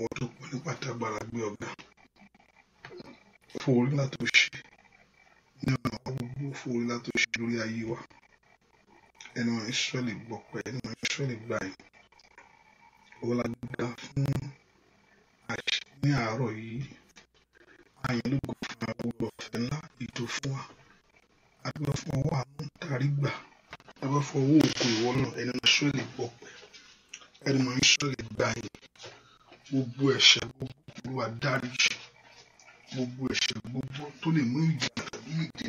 wọ́n tó pọ̀ nípa tágbára gbé ọ̀gá fún orí láti ṣe ní ọ̀nà gbogbo fún orí láti ṣe lórí ayé wa ẹnu wọn Ísírẹ́lì gbọpẹ́ ẹnu wọn Ísírẹ́lì gbà yìí wọ́n la gbà fún àṣẹ ní àárọ̀ yìí àyànlógo fún àwọn ọ̀fẹ́ ńlá ètò fún wa agbẹ́ fún ọwọ́ àánú tàrí gbà agbẹ́ fún ọwọ́ òkú ìwọ́lọ̀ ẹnu wọn Ísírẹ́lì gbọpẹ́ ẹnu wọn Ísírẹ́lì gbà yìí gbogbo ẹ̀ṣẹ̀ gbogbo olúwa dáríjì gbogbo ẹ̀ṣẹ̀ gbogbo tó lè mú ìjà tàbí ìdè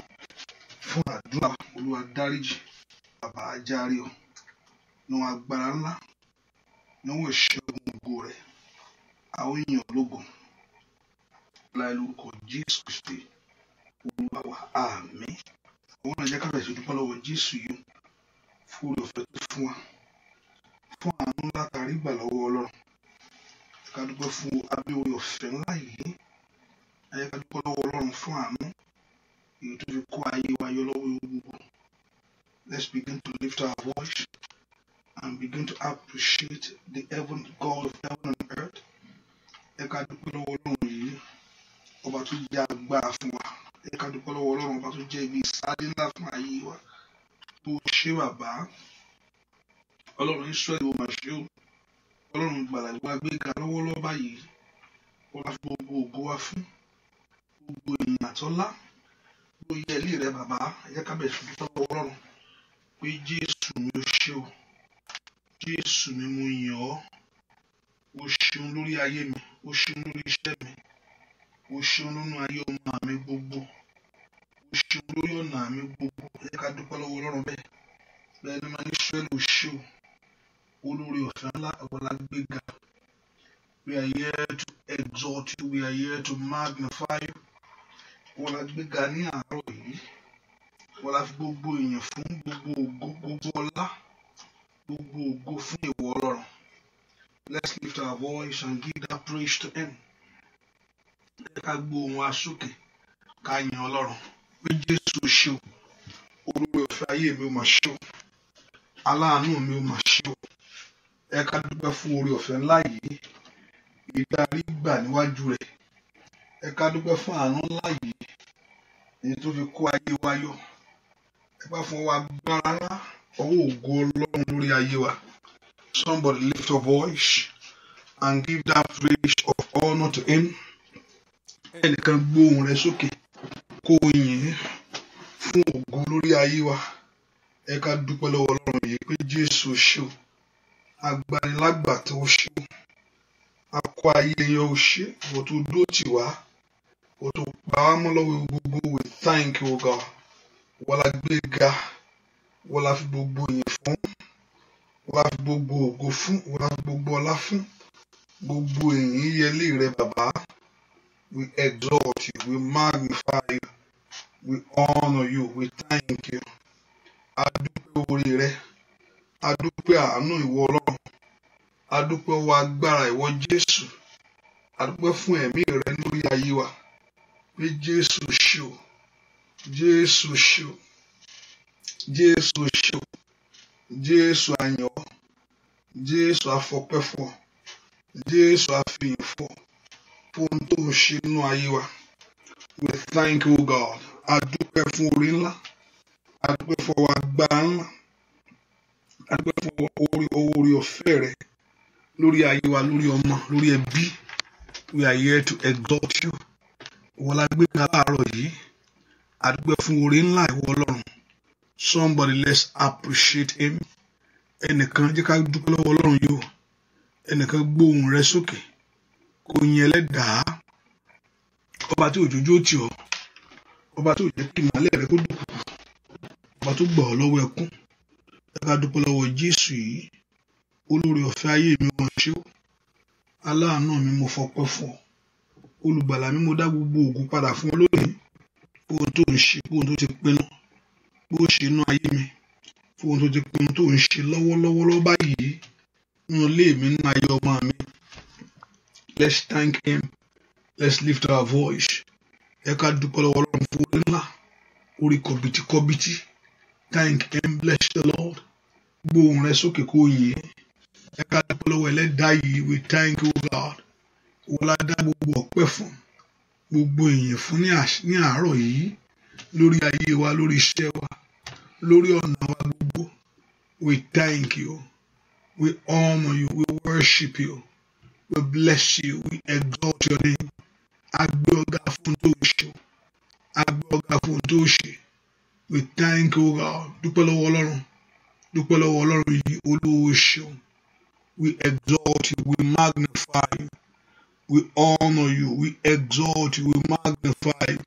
fún àdúrà olúwa dáríjì bàbá ajáre ọ níwọn agbára ńlá níwọn ìṣẹ́gun ògo rẹ àwọn èèyàn ológun láì lórúkọ jésù kristi olúwa wa àmín àwọn ọ̀nà ìjẹ́ká bẹ̀rẹ̀ sí dúpẹ́ lọ́wọ́ jésù yìí fún olùfẹ́ tó fún wa fún àánú látàrí ìgbà lọ́wọ́ ọlọ́run ká dúpẹ́ fún abíwọ̀n ọ̀fẹ́ ńlá yìí ayé ká dúpẹ́ lọ́wọ́ ọlọ́run fún àánú èyí tó fi kó ayé wa yọ lọ́wọ́ ewu gbogbo let's begin to lift our voice and begin to appreciate the heaven God of heaven and earth ẹ ká dúpẹ́ lọ́wọ́ ọlọ́run yìí ọba tó jẹ́ agbára fún wa ẹ ká dúpẹ́ lọ́wọ́ ọlọ́run ọba tó jẹ́ ibi ìsáde ńlá fún ayé wa tó ṣe bàbá ọlọ́run Ísírẹ́lì ó máa ṣe o ọlọ́run gbàlà wa gbéga lọ́wọ́lọ́wọ́ báyìí wọ́n fi gbogbo ògo wa fún gbogbo èèyàn àtọ́lá ló yẹ ilé rẹ bàbá ẹ̀yà kábẹ̀ fún tọ́wọ́ ọlọ́run pé jésù mi ò ṣe o jésù mi mo yàn ọ́ o ṣeun lórí ayé mi o ṣeun lórí iṣẹ́ mi o ṣeun nínú ayé ọmọ mi gbogbo o ṣeun lórí ọ̀nà mi gbogbo ẹ̀yà ká dúpẹ́ lọ́wọ́ ọlọ́run bẹ́ẹ̀ bẹ́ẹ̀ ni máa ní sọ́ẹ́lì o ṣe o olórí ọ̀fẹ́ ńlá ọ̀làgbéga. We are here to exalt you. We are here to magnify you. ọ̀làgbéga ní àárọ̀ yìí. ọ̀là fi gbogbo èèyàn fún gbogbo ògo gbogbo ọlá gbogbo ògo fún ìwọ ọlọ́run. Let's lift our voice and give that praise to him. Ẹ ká gbó ohùn asókè ká yìn ọlọ́run. Pé Jésù ṣe olórí ọ̀fẹ́ ayé mi ò mà ṣe o, aláàánú mi ò mà ṣe o ẹ ká dúpẹ́ fún oore ọ̀fẹ́ ńlá yìí ìdarí gbà níwájú rẹ̀ ẹ ká dúpẹ́ fún àánú ńlá yìí èyí tó fi kó ayé wa yọ ẹ bá fún wa agbára ńlá ọwọ́ ògo ọlọ́run lórí ayé wa somebody lift your voice and give that praise of honour to him ẹnìkan gbóhùn rẹ sókè kó o yìn ín fún ògo lórí ayé wa ẹ ká dúpẹ́ lọ́wọ́ ọlọ́run yìí pé jésù ṣe o agbanilágbà tó o ṣe akọ ayé yẹn o ṣe ìwọ tó dúró tì wá ìwọ tó pa á mọ́ lọ́wọ́ gbogbo we thank you God wọ́n la gbé ga wọ́n la fi gbogbo yìí fún wọ́n la fi gbogbo ògo fún wọ́n la fi gbogbo ọlá fún gbogbo èyí yẹlé rẹ bàbá we exalt you we magnify you we honour you we thank you adúpẹ́ orí rẹ adúpẹ́ àánú ìwọ ọlọ́run adúpẹ́ ọwọ́ agbára ìwọ jésù adúpẹ́ fún ẹ̀mí rẹ lórí ayé wa pé jésù ṣe o jésù ṣe o jésù ṣe o jésù àyàn jésù afọpẹ́ jésù àfihàn fún tó ń ṣe nínú ayé wa we thank you God adúpẹ́ fún orí ńlá adúpẹ́ fún ọwọ́ agbára ńlá adúgbò fún orí owó orí ọ̀fẹ́ rẹ lórí ayé wa lórí ọmọ lórí ẹbí we are here to exalt you ìwọ la gbé ní aláàárọ̀ yìí adúgbò fún orí ńlá ìwọ ọlọ́run somebody let's appreciate him ẹnìkan jẹ́ ká dúpẹ́ lọ́wọ́ ọlọ́run yìí o ẹnìkan gbóhùn rẹ sókè kò yìn ẹlẹ́dàá ọba tí òjòjò tì ọ́ ọba tí òjòjò kì í mọ́lẹ̀ rẹ kó dùn ọba tó gbọ́ ọ lọ́wọ́ ẹkún ẹ̀ka dúpẹ́ lọ́wọ́ Jésù yìí olórí ọ̀fẹ́ ayé mi wọ́n ṣe aláàánú mi mo fọpẹ́ fún olùgbàlà mi mo dá gbogbo ògùn padà fún ọ fóun tó ń ṣe fóun tó ti pinnu bó ṣe inú ayé mi fóun tó ti pinnu tó ń ṣe lọ́wọ́lọ́wọ́ báyìí nínú ilé mi nínú ayé ọmọ mi let's thank him let's lift our voice ẹ̀ka dúpẹ́ lọ́wọ́ Ọlọ́run fún orí ńlá orí kọ̀bìtìkọ̀bìtì thank and bless the lord gbóhùn rẹ sókè kó yìn ẹ ká dúpẹ́ lọ́wọ́ ẹlẹ́dàá yìí we thank you god wọlá dá gbogbo ọpẹ́ fún gbogbo èèyàn fún ní àárọ̀ yìí lórí ayé wa lórí iṣẹ́ wa lórí ọ̀nà wa gbogbo we thank you we honor you we worship you we bless you we exalt your name agbé ọ̀gá fún tó ṣe agbé ọ̀gá fún we thank you god dúpẹ́ lọ́wọ́ ọlọ́run dúpẹ́ lọ́wọ́ ọlọ́run yìí olówó ṣeun we exalt you we magnify you we honour you we exalt you we magnify you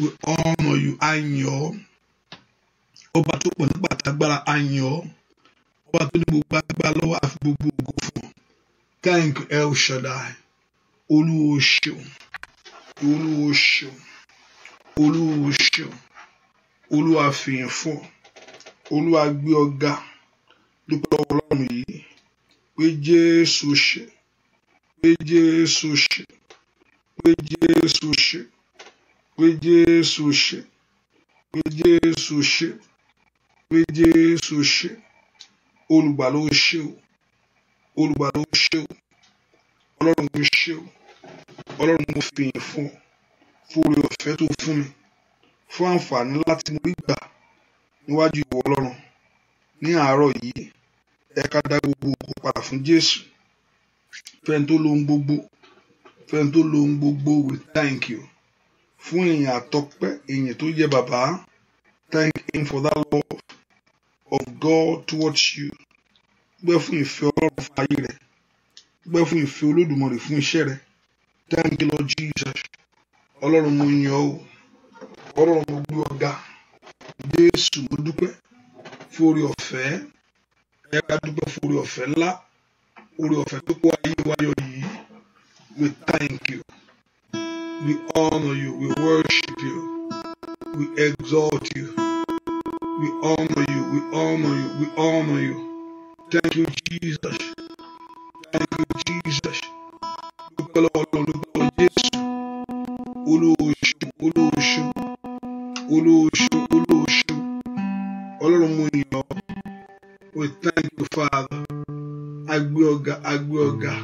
we honour you ayọ̀ ọba tó pọ̀ nípa àtàgbára ayọ̀ ọba tó ní gbogbo agbára lọ́wọ́ àfi gbogbo ògo fún ọ thank you El Shaddai olówó ṣeun olówó ṣeun olówó ṣeun olúwa fìyìn fún olúwa gbé ọ̀gá dúpẹ́ lọ́wọ́ ọlọ́run yìí pé jésù ṣe pé jésù ṣe pé jésù ṣe pé jésù ṣe pé jésù ṣe pé jésù ṣe olùgbà ló ṣe o olùgbà ló ṣe o ọlọ́run ló ṣe o ọlọ́run mo fìyìn fún ọ fún oore ọ̀fẹ́ tó fún mi fún àǹfààní láti mú gbígbà níwájú ìwọ ọlọ́run ní àárọ̀ yìí ẹ dá gbogbo òkú padà fún jésù fẹ́ni tó lohun gbogbo fẹ́ni tó lohun gbogbo we thank you fún ìyìn àtọpẹ́ ìyìn tó yẹ bàbá thank him for that love of God towards you dúpẹ́ fún ìfẹ́ ọlọ́run fún ayé rẹ̀ dúpẹ́ fún ìfẹ́ olódùmarè fún iṣẹ́ rẹ̀ thank you Lord Jesus ọlọ́run mo yìn ọ́ ọlọ́run mo ọ̀gá jésù mo dúpẹ́ fún ọ̀fẹ́ ẹ̀yà ká dúpẹ́ fún ọ̀fẹ́ ńlá orí ọ̀fẹ́ tó kó ayé wáyọ̀ yìí we thank you we honour you we worship you we exalt you we honour you we honour you we honour you thank you Jesus thank you Jesus dúpẹ́ lọ́wọ́ ọlọ́run ọ̀gá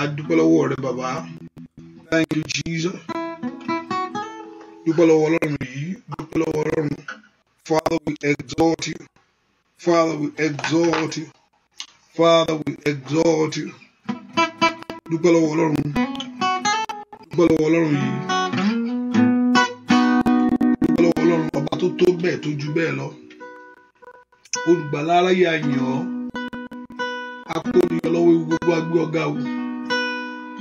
adúpẹ́ lọ́wọ́ rẹ bàbá thank you Jesus dúpẹ́ lọ́wọ́ ọlọ́run yìí dúpẹ́ lọ́wọ́ ọlọ́run Father we exalt you Father we exalt you Father we exalt you dúpẹ́ lọ́wọ́ ọlọ́run dúpẹ́ lọ́wọ́ ọlọ́run yìí dúpẹ́ lọ́wọ́ ọlọ́run ọba tó tó bẹ́ẹ̀ tó ju bẹ́ẹ̀ lọ olùgbàlà aráyé ayàn ọ́ akó olùyọ lọ́wọ́ ewu gbogbo agbé ọ̀gá o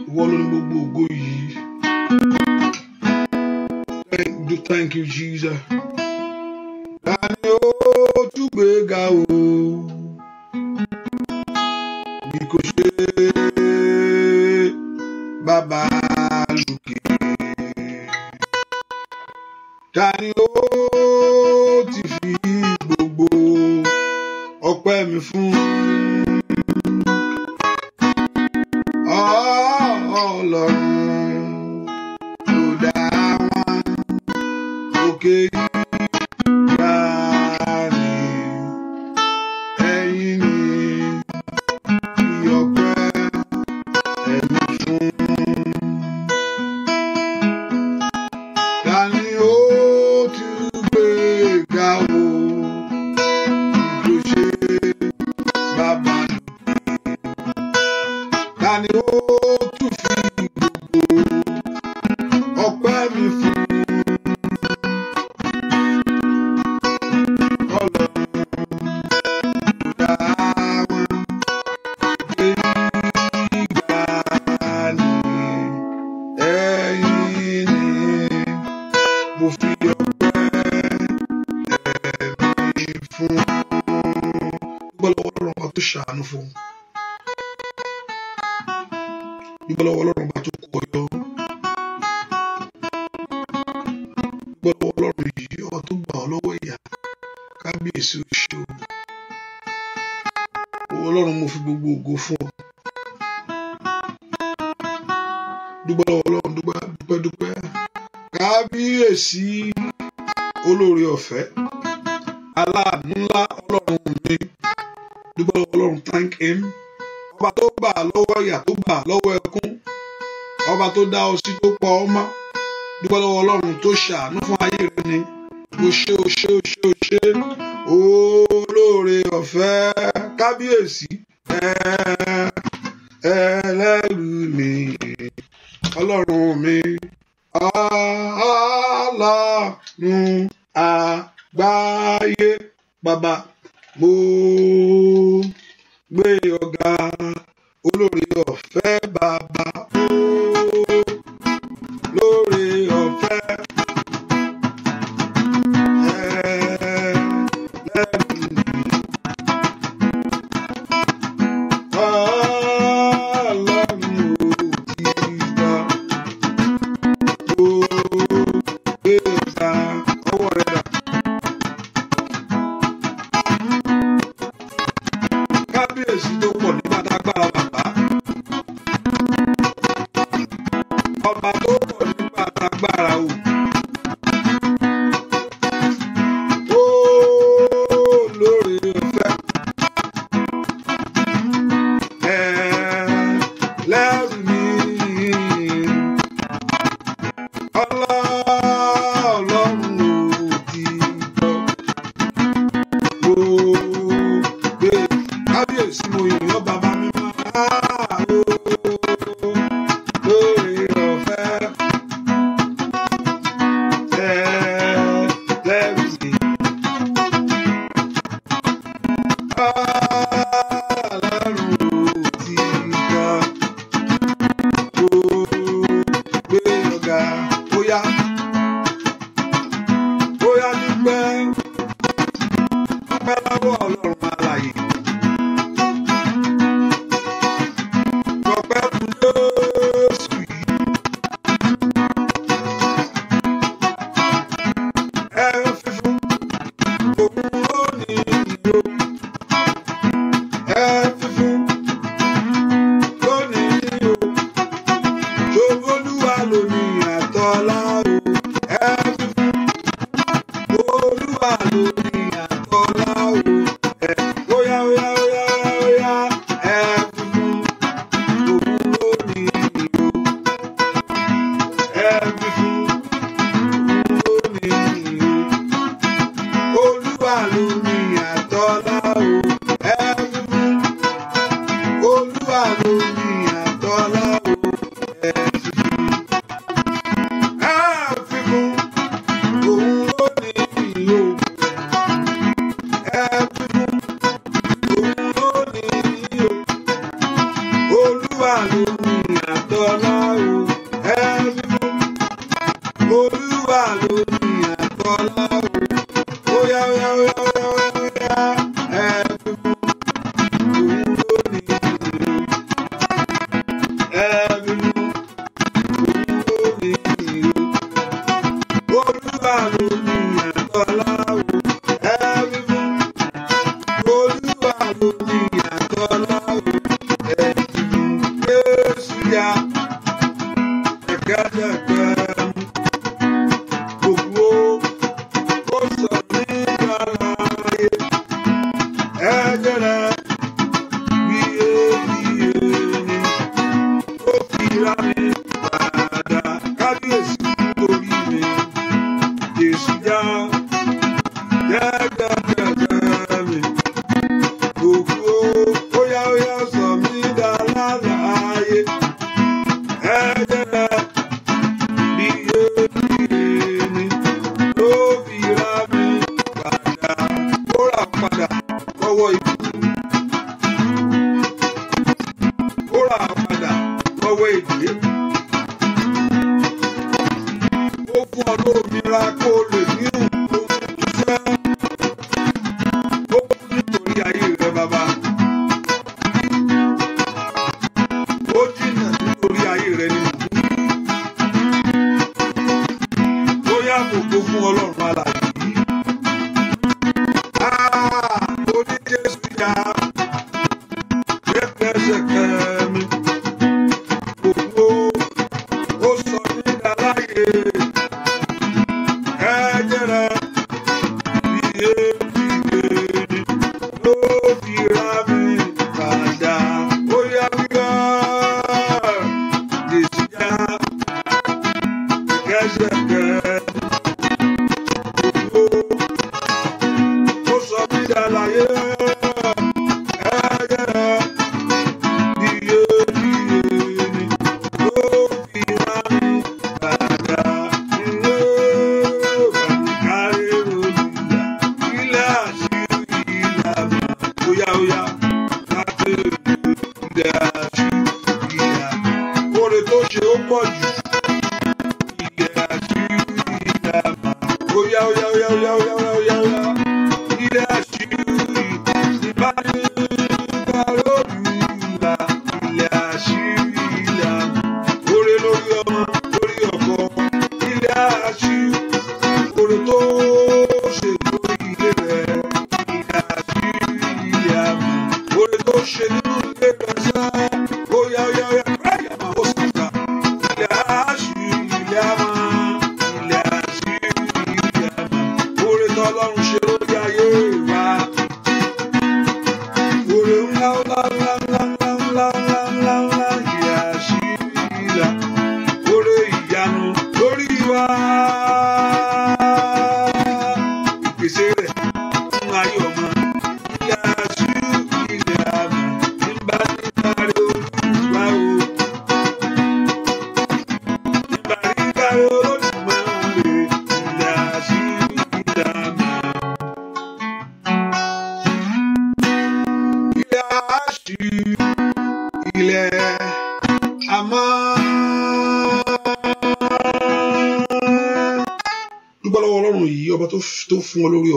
ìwọ ló ní gbogbo ògo yìí thank you thank you Jesus tani ó túgbé ga o bí kò ṣe bàbá lókè tani ó ti fi gbogbo ọpẹ́ mi fún. ọpẹ́ mi fún. ṣàánú fún un. Dúpẹ́ lọ́wọ́ Ọlọ́run. kábíyèsí olóore ọ̀fẹ́ aláàánú ńlá ọlọ́run mi dúpẹ́ ọlọ́run thank him ọba tó gbà lọ́wọ́ ìyà tó gbà lọ́wọ́ ẹkún ọba tó dá ọ sí tó pa ọ mọ́ dúpẹ́ lọ́wọ́ ọlọ́run tó ṣàánú fún ayé rẹ ni o ṣé o ṣé o ṣé o ṣé olóore ọ̀fẹ́ kábíyèsí ẹlẹ́rù mi ọlọ́run mi ọlọ́run àgbáyé bàbá mo gbé ọ̀gá olórí ọ̀fẹ́ bàbá mo lórí ọ̀fẹ́. Shiva.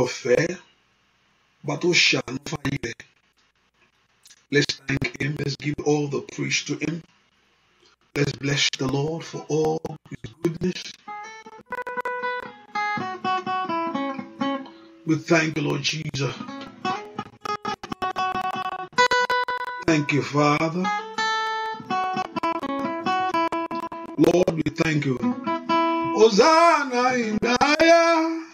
fair, but who shall not find it? Let's thank Him. Let's give all the praise to Him. Let's bless the Lord for all His goodness. We thank you, Lord Jesus. Thank you, Father. Lord, we thank you. Hosanna in the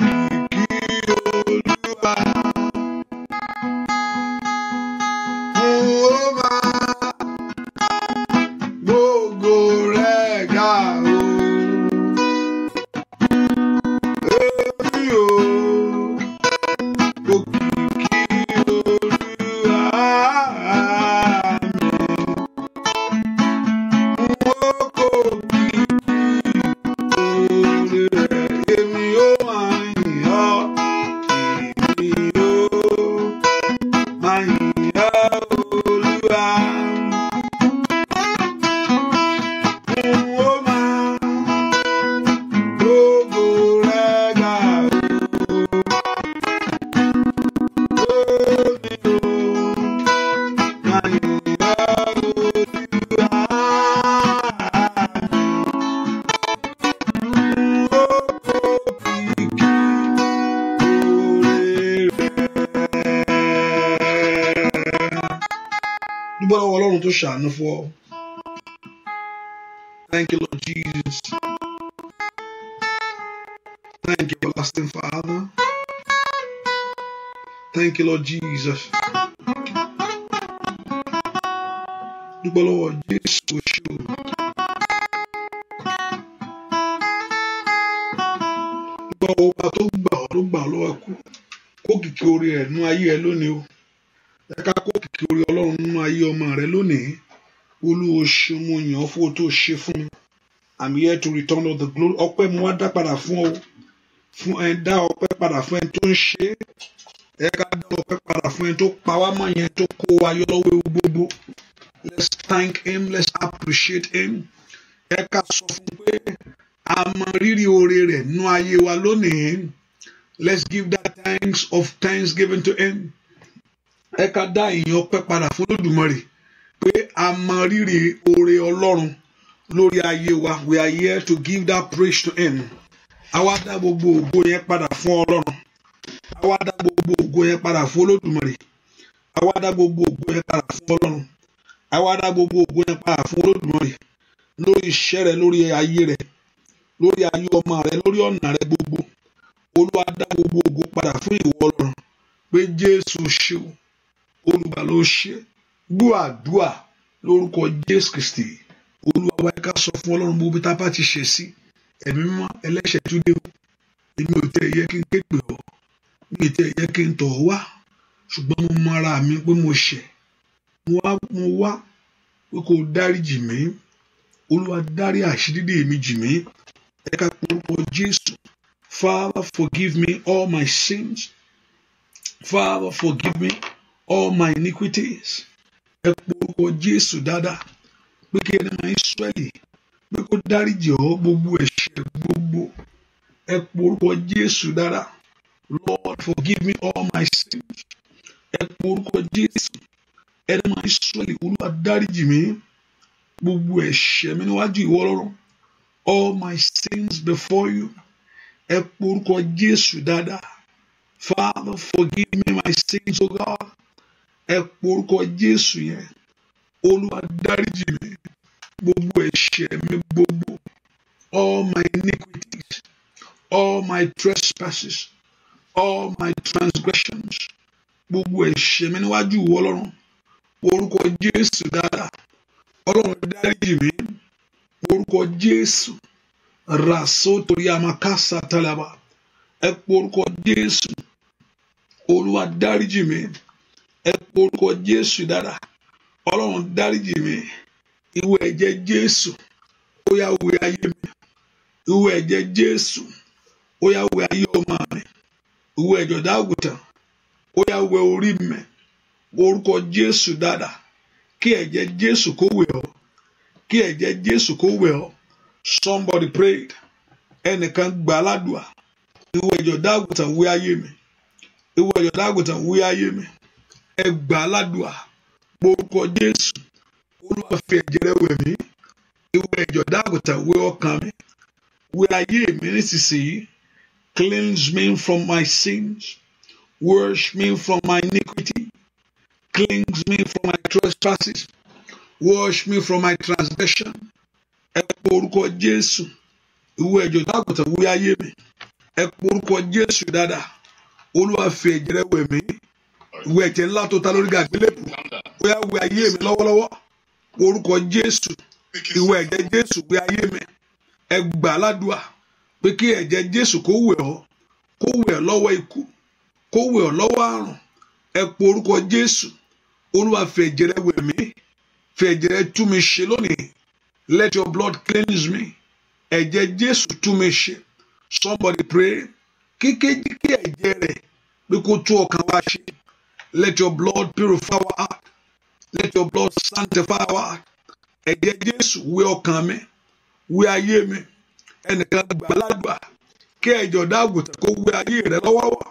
ṣàánú fún ọ. Thank you, Lord Jesus. Thank you, everlasting Father. Thank you, Lord Jesus. Dúpẹ́ Lord Jesus, oṣù. Gbọ́ ọba tó gbà ọ́ ló gbà lọ́wọ́ kú. Kó kìkì orí ẹ̀ nú ayé ẹ lónìí o. Ẹ ká kó kìkì orí Ọlọ́run nínú ayé ọmọ rẹ lónìí. Olúwo ṣe mo yàn fún o tó ṣe fún mi. I'm here to return all the glory. Ọpẹ́ mo wá dá padà fún ọ. Fún ẹ dá ọpẹ́ padà fún ẹ tó ń ṣe. Ẹ ká dá ọpẹ́ padà fún ẹ tó pa wá mọ́ yẹn tó kó wa yọ ewu gbogbo. Let's thank him. Let's appreciate him. Ẹ ká sọ fún pé a mọ rírì oore rẹ̀ nínú ayé wa lónìí. Let's give that thanks of thanksgiving to him. ẹ ká dá ìyìn ọpẹ́ padà fún Olódùmarè pé a mọ rírì oore Ọlọ́run lórí ayé wa we are here to give that praise to him àwa dá gbogbo ògo yẹn padà fún Ọlọ́run àwa dá gbogbo ògo yẹn padà fún Olódùmarè àwa dá gbogbo ògo yẹn padà fún Ọlọ́run àwa dá gbogbo ògo yẹn padà fún Olódùmarè lórí iṣẹ́ rẹ lórí ayé rẹ lórí ayé ọmọ rẹ lórí ọ̀nà rẹ gbogbo Olúwa dá gbogbo ògo padà fún ìwọ Ọlọ́run pé Jésù ṣeun olùgbà ló ṣe gbọ́ àdúà lórúkọ Jésù Kristi olúwa wa ká sọ fún ọlọ́run gbogbo tá a bá ti ṣe sí ẹ̀mí mímọ́ ẹlẹ́ṣẹ̀ tó dé o èmi ò tẹ́ yẹ kí n képe ọ́ mi tẹ́ yẹ kí n tọ̀ ọ́ wá ṣùgbọ́n mo mọ ara mi pé mo ṣẹ̀ mo wá pé kó o dáríjì mí olúwa dárí àṣídídé mi jì mí ẹ ká porúkọ Jésù Father forgive me all my sins Father forgive me all my iniquities ẹ pe orúkọ Jésù dáadáa pé kí ẹni máa Ísírẹ́lì pé kó dáríjì ọ́ gbogbo ẹ̀ṣẹ̀ gbogbo ẹ pe orúkọ Jésù dáadáa Lord forgive me all my sins ẹ pe orúkọ Jésù ẹni máa Ísírẹ́lì Olúwa dáríjì mi gbogbo ẹ̀ṣẹ̀ mi níwájú ìwọ Ọlọ́run all my sins before you ẹ pe orúkọ Jésù dáadáa Father forgive me my sins o oh God ẹ porúkọ Jésù yẹn Olúwa dáríjì mi gbogbo ẹ̀ṣẹ̀ mi gbogbo all my iniquities all my trespasses all my transgressions gbogbo ẹ̀ṣẹ̀ mi níwájú ìwọ Ọlọ́run orúkọ Jésù dára Ọlọ́run dáríjì mi orúkọ Jésù ràṣọ torí amakasa talaba ẹ porúkọ Jésù Olúwa dáríjì mi ẹ porúkọ Jésù dára Ọlọ́run dáríjì mi ìwọ ẹ̀jẹ̀ Jésù ó yá wẹ ayé mi ìwọ ẹ̀jẹ̀ Jésù ó yá wẹ ayé ọmọ mi ìwọ ẹ̀jọ̀dá àgùntàn ó yá wẹ orí mi orúkọ Jésù dára kí ẹ̀jẹ̀ Jésù kó wẹ̀ ọ́ kí ẹ̀jẹ̀ Jésù kó wẹ̀ ọ́ somebody prayed ẹnìkan gbà ládùá ìwọ ẹ̀jọ̀dá àgùntàn wẹ ayé mi ìwọ ẹ̀jọ̀dá àgùntàn wẹ ayé mi ẹgbà aládùá gbórúkọ jésù olúwa fi ẹ̀jẹ̀ rẹ wẹ̀ mí ìwẹ̀ ẹ̀jọ̀ dáàbòtà wẹ̀ ọkàn mi wẹ̀ ayé mi nísinsìnyí cleanse me from my sins wash me from my iniquity cleanse me from my trespasses wash me from my transgression ẹ pọ orúkọ jésù ìwẹ̀ ẹ̀jọ̀ dáàbòtà wẹ̀ ayé mi ẹ pọ orúkọ jésù dáadáa olúwa fi ẹ̀jẹ̀ rẹ wẹ̀ mí wẹ ẹ̀jẹ̀ ńlá tó ta lórí gàgbélébù bóyá wẹ ayé mi lọ́wọ́lọ́wọ́ orúkọ Jésù ìwẹ ẹ̀jẹ̀ Jésù wẹ ayé mi ẹ gbà ládùá pé kí ẹ̀jẹ̀ Jésù kó wẹ̀ ọ́ kó wẹ̀ ọ́ lọ́wọ́ ikú kó wẹ̀ ọ́ lọ́wọ́ àrùn ẹ po orúkọ Jésù Olúwa fi ẹ̀jẹ̀ rẹ wẹ̀ mí fi ẹ̀jẹ̀ rẹ tú mi ṣe lónìí let your blood cleanse me ẹ̀jẹ̀ Jésù tú mi ṣe somebody pray kíkéjì kí ẹ̀jẹ̀ rẹ̀ pé kó tú ọkàn wa ṣe. Let your blood purify our heart. Let your blood sanctify our heart. Ẹ̀jẹ̀ Jésù wẹ ọkàn mi, wẹ ayé mi, ẹnìkan gbàlagbà kí ẹ̀jọ̀ dáàgùtà kó wẹ ayé rẹ lọ́wọ́wọ́.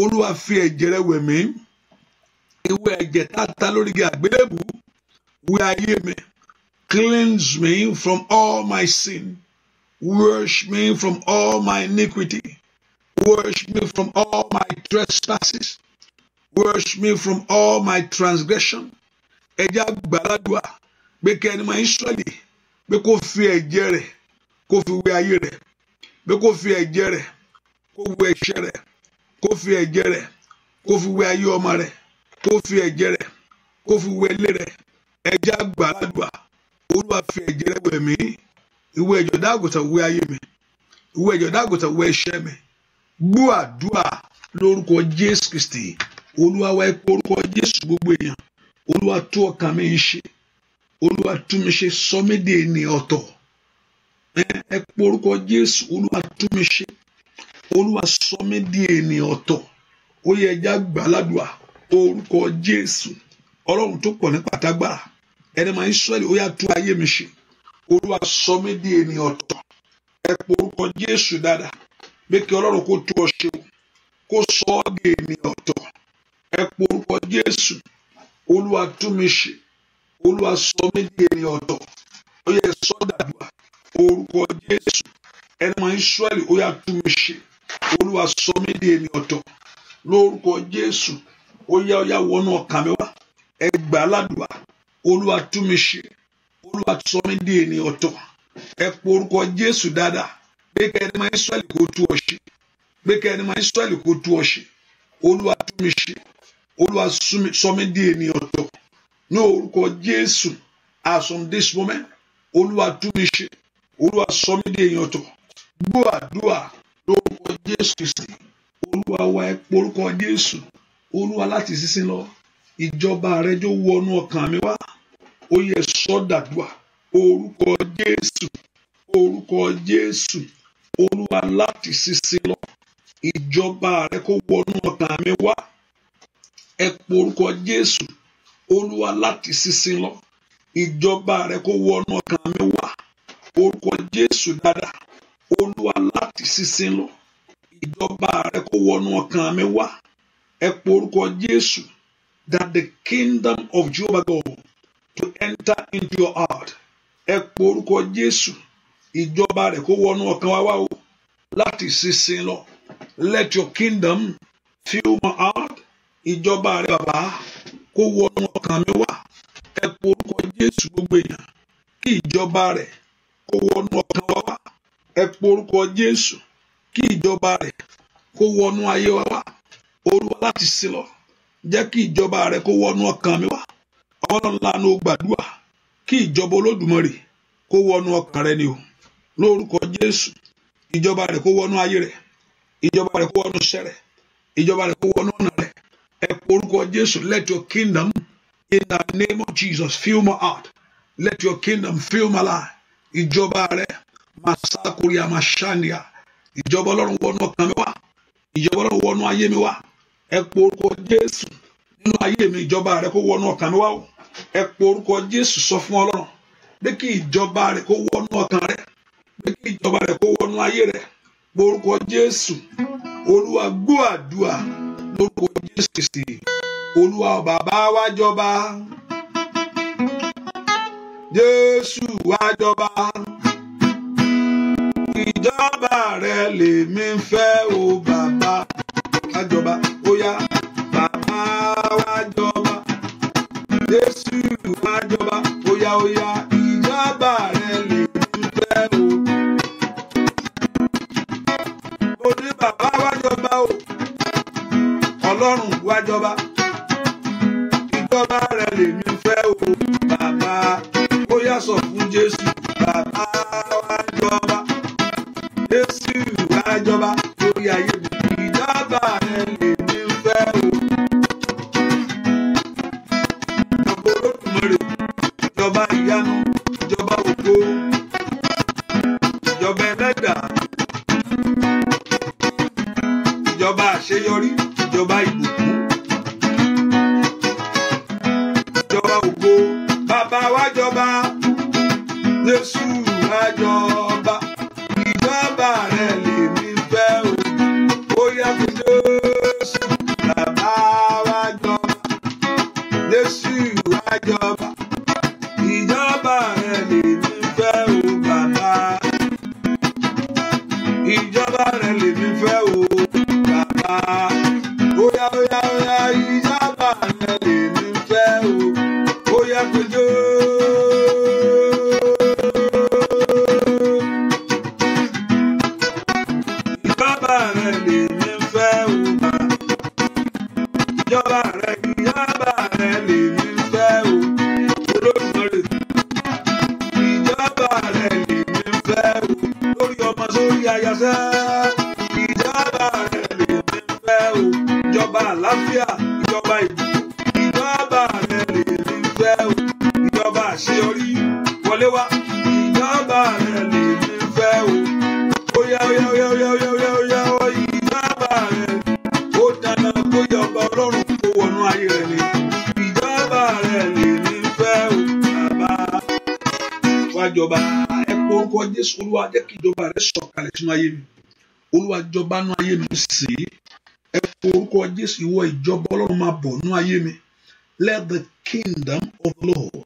Olúwa fi ẹ̀jẹ̀ rẹ wẹ̀ mí. Ìwé ẹ̀jẹ̀ tata lórí àgbélébù wẹ ayé mi. Cleanse me from all my sin. Wash me from all my iniquity. Wash me from all my trespasses wash me from all my transgression ẹjẹ́ àgbàlagbà pé kí ẹni máa ń sọ̀lì pé kó fi ẹ̀jẹ̀ rẹ̀ kó fi wẹ ayé rẹ̀ pé kó fi ẹ̀jẹ̀ rẹ̀ kó wẹ ẹ̀ṣẹ̀ rẹ̀ kó fi ẹ̀jẹ̀ rẹ̀ kó fi wẹ ayé ọmọ rẹ̀ kó fi ẹ̀jẹ̀ rẹ̀ kó fi wẹ ilé rẹ̀ ẹjẹ́ àgbàlagbà olúwa fi ẹ̀jẹ̀ rẹ̀ wẹ̀ mí ìwé ẹ̀jọ̀ dáàgùtàn wẹ ayé mi ìwé ẹ̀jọ̀ dáàgùtàn wẹ ẹ̀ṣẹ̀ mi gbọ́ àdúrà lórúkọ Jésù Kristi olúwa wá ipò orúkọ jésù gbogbo èèyàn olúwa tú ọkàn mi ń ṣe olúwa tú mi ṣe sọ mí di ènìyàn ọ̀tọ̀ ẹ pé orúkọ jésù olúwa tú mi ṣe olúwa sọ mí ọ̀tọ̀ ó yẹ ẹja gbàládùá orúkọ jésù ọlọ́run tó pọ̀ ní pàtàgbàrà ẹni máa Ísírẹ́lì ó yá tú ayé mi ṣe olúwa sọ mí ọ̀tọ̀ ẹ orúkọ jésù dáadáa bí kí ọlọ́run kó tú ọ ṣe kó sọ ọ́ di ènìyàn ọ̀tọ̀ ẹ pe orúkọ Jésù olúwa tú mi ṣe olúwa sọ mí di ẹni ọ̀dọ̀ ó yẹ sọ́dàdúrà orúkọ Jésù ẹni mọ Ísírẹ́lì ó yà tú mi ṣe olúwa sọ mí di ẹni ọ̀dọ̀ lórúkọ Jésù ó yá ó yá wọnú ọkàn mi wá ẹ gbà ládùúgbà olúwa tú mi ṣe olúwa sọ mí di ẹni ọ̀dọ̀ ẹ pe orúkọ Jésù dáadáa gbé kẹ́ ẹni mọ Ísírẹ́lì kó tú ọ ṣe gbé kẹ́ ẹni tú ọ olúwa tún mi ṣe olúwa sọ mí di ènìyàn ọ̀tọ̀ ní orúkọ jésù as on this moment olúwa tún mi ṣe olúwa sọ mí di ènìyàn ọ̀tọ̀ gbọ́ àdúrà lórúkọ jésù kristi olúwa wa ẹ porúkọ jésù olúwa láti sísìn lọ ìjọba rẹ jó wọnú ọkàn mi wá ó yẹ sọdàdúà orúkọ jésù orúkọ jésù olúwa láti sísìn lọ ìjọba rẹ kó wọnú ọkàn mi wá ẹ porúkọ Jésù olúwa láti sísin lọ ìjọba rẹ kó wọnú ọkàn mi wá orúkọ Jésù dáadáa olúwa láti sísin lọ ìjọba rẹ kó wọnú ọkàn mi wá ẹ porúkọ Jésù that the kingdom of Jehovah God to enter into your heart ẹ porúkọ Jésù ìjọba rẹ kó wọnú ọkàn wa wá o láti sísin lọ. let your kingdom fill my heart ìjọba rẹ bàbá kó wọnú ọkàn mi wá ẹ kó orúkọ jésù gbogbo èèyàn kí ìjọba rẹ kó wọnú ọkàn wa wá ẹ kó orúkọ jésù kí ìjọba rẹ kó wọnú ayé wa wá olúwa láti sí lọ jẹ́ kí ìjọba rẹ kó wọnú ọkàn mi wá ọlọ́run lanu gbàdúrà kí ìjọba olódùmarè kó wọnú ọkàn rẹ ni o lórúkọ jésù ìjọba rẹ kó wọnú ayé rẹ ìjọba rẹ kó wọnú iṣẹ́ rẹ ìjọba rẹ kó wọnú ọ̀nà rẹ ẹ porúkọ Jésù let your kingdom in the name of Jesus fill my heart let your kingdom fill my life ìjọba rẹ máa sákòrí àmà ṣàníyà ìjọba Ọlọ́run wọnú ọkàn mi wá ìjọba Ọlọ́run wọnú ayé mi wá ẹ porúkọ Jésù nínú ayé mi ìjọba rẹ kó wọnú ọkàn mi wá o ẹ porúkọ Jésù sọ fún Ọlọ́run pé kí ìjọba rẹ kó wọnú ọkàn rẹ pé kí ìjọba rẹ kó wọnú ayé rẹ lórúkọ jésù olúwa gbọ́ àdúrà lórúkọ jésù Kristi olúwa bàbá wa jọba jésù wa jọba ìjọba rẹ lèmi fẹ́ o bàbá wa jọba ó bàbá wa jọba jésù wa jọba ó yá go back. yo la revidaba. sínú ayé mi olúwa jọba nú ayé mi sí ẹ forúkọ jésù ìwọ ìjọba ọlọ́run máa bọ̀ nú ayé mi let the kingdom of lord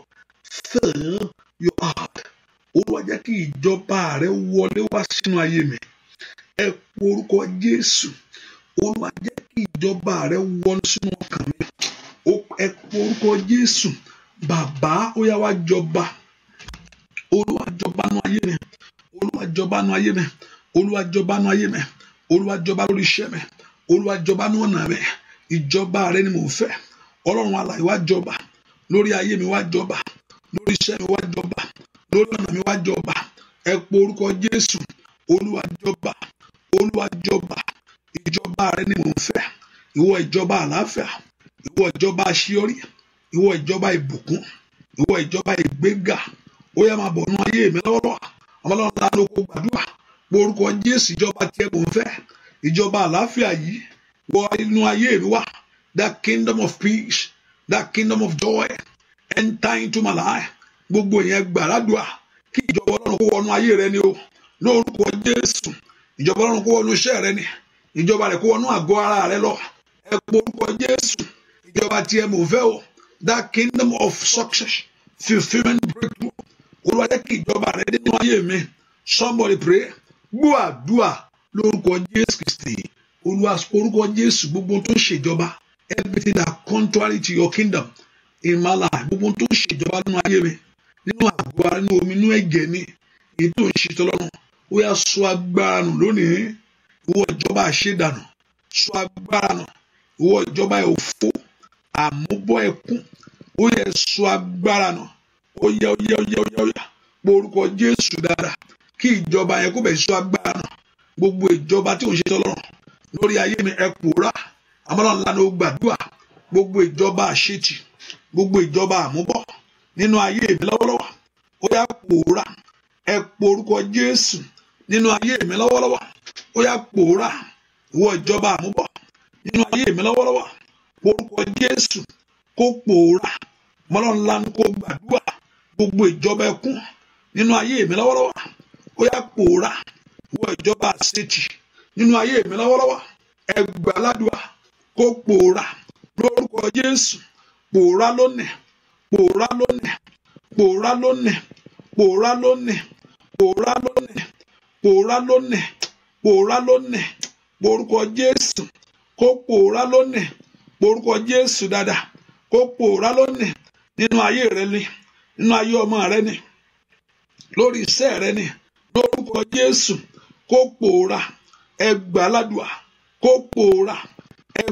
fill your heart olúwa jẹ́ kí ìjọba rẹ wọlé wá sínú ayé mi ẹ forúkọ jésù olúwa jẹ́ kí ìjọba rẹ wọlé sínú ọkàn mi ẹ forúkọ jésù bàbá ó yá wá jọba olúwa jọba nú ayé mi olúwa jọba nú ayé mi olúwa jọba nú ayé mi olúwa jọba lórí iṣẹ́ mi olúwa jọba nú ọ̀nà mi ìjọba rẹ ni mò ń fẹ́ ọlọ́run alààyè wá jọba lórí ayé mi wá jọba lórí iṣẹ́ mi wá jọba lórí ọ̀nà mi wá jọba ẹ po orúkọ jésù olúwa jọba ìjọba rẹ ni mò ń fẹ́ ìwọ ìjọba àlàáfíà ìwọ ìjọba àṣeyọrí ìwọ ìjọba ìbùkún ìwọ ìjọba ìgbéga ó yá máa bọ̀ nú ayé mi lọ́wọ́lọ́wọ́ ọmọlọ́run lánàá kó gbàdúrà porúkọ jésù ìjọba tiẹ̀ kò ń fẹ́ ìjọba àlàáfíà yìí wọ inú ayé mi wá that kingdom of peace that kingdom of joy enter into my life gbogbo yẹn gbàràdùà kí ìjọba ọlọ́run kó wọnú ayé rẹ ni o lórúkọ jésù ìjọba ọlọ́run kó wọnú iṣẹ́ rẹ ni ìjọba rẹ kó wọnú àgọ́ ara rẹ lọ ẹ porúkọ jésù ìjọba tiẹ̀ mò ń fẹ́ o that kingdom of success fulfilment breakthrough olùwàjẹ́ kí ìjọba rẹ dé nínú ayé mi somebody pray gbọ́ àdúà lórúkọ jésù kristi olúwa orúkọ jésù gbogbo tó ṣèjọba everything that contrary to your kingdom in my life gbogbo tó ṣèjọba nínú ayé mi nínú àgọ́ ara nínú omi nínú ẹ̀jẹ̀ mi èyí tó ń ṣe tọ́lọ́run ó yá sọ agbára nù lónìí ìwọ ìjọba àṣedànù sọ agbára nù ìwọ ìjọba òfò àmúbọ̀ ẹkún ó yá sọ agbára nù ó yá ó yá ó yá ó yá pé orúkọ jésù dáadáa. kí ìjọba yẹn kó bẹ̀ ṣọ́ agbára gbogbo ìjọba tí ò ń ṣe tọ́lọ́run lórí ayé mi ẹ pòórá àmọ́lọ́run lánàá ó gbogbo ìjọba àṣetì gbogbo ìjọba àmúbọ̀ nínú ayé mi lọ́wọ́lọ́wọ́ ó pòórá ẹ Jésù nínú ayé mi lọ́wọ́lọ́wọ́ ó pòórá ìwọ ìjọba àmúbọ̀ nínú ayé mi lọ́wọ́lọ́wọ́ Jésù kó pòórá gbogbo ìjọba ẹkún nínú ayé mi lọ́wọ́lọ́wọ́ ó yá pòórá wọ ìjọba àṣetì nínú ayé mi lọ́wọ́lọ́wọ́ ẹgbẹ́ aládùá kó pòórá lórúkọ Jésù pòórá lónìí pòórá lónìí pòórá lónìí pòórá lónìí pòórá lónìí pòórá lónìí pòórá lónìí porúkọ Jésù kó pòórá lónìí porúkọ Jésù dada, kó pòórá lónìí nínú ayé rẹ ni nínú ayé ọmọ rẹ ni lórí iṣẹ́ rẹ ni. lórúkọ jésù kó pòórá ẹ gbà ládùá kó pòórá ẹ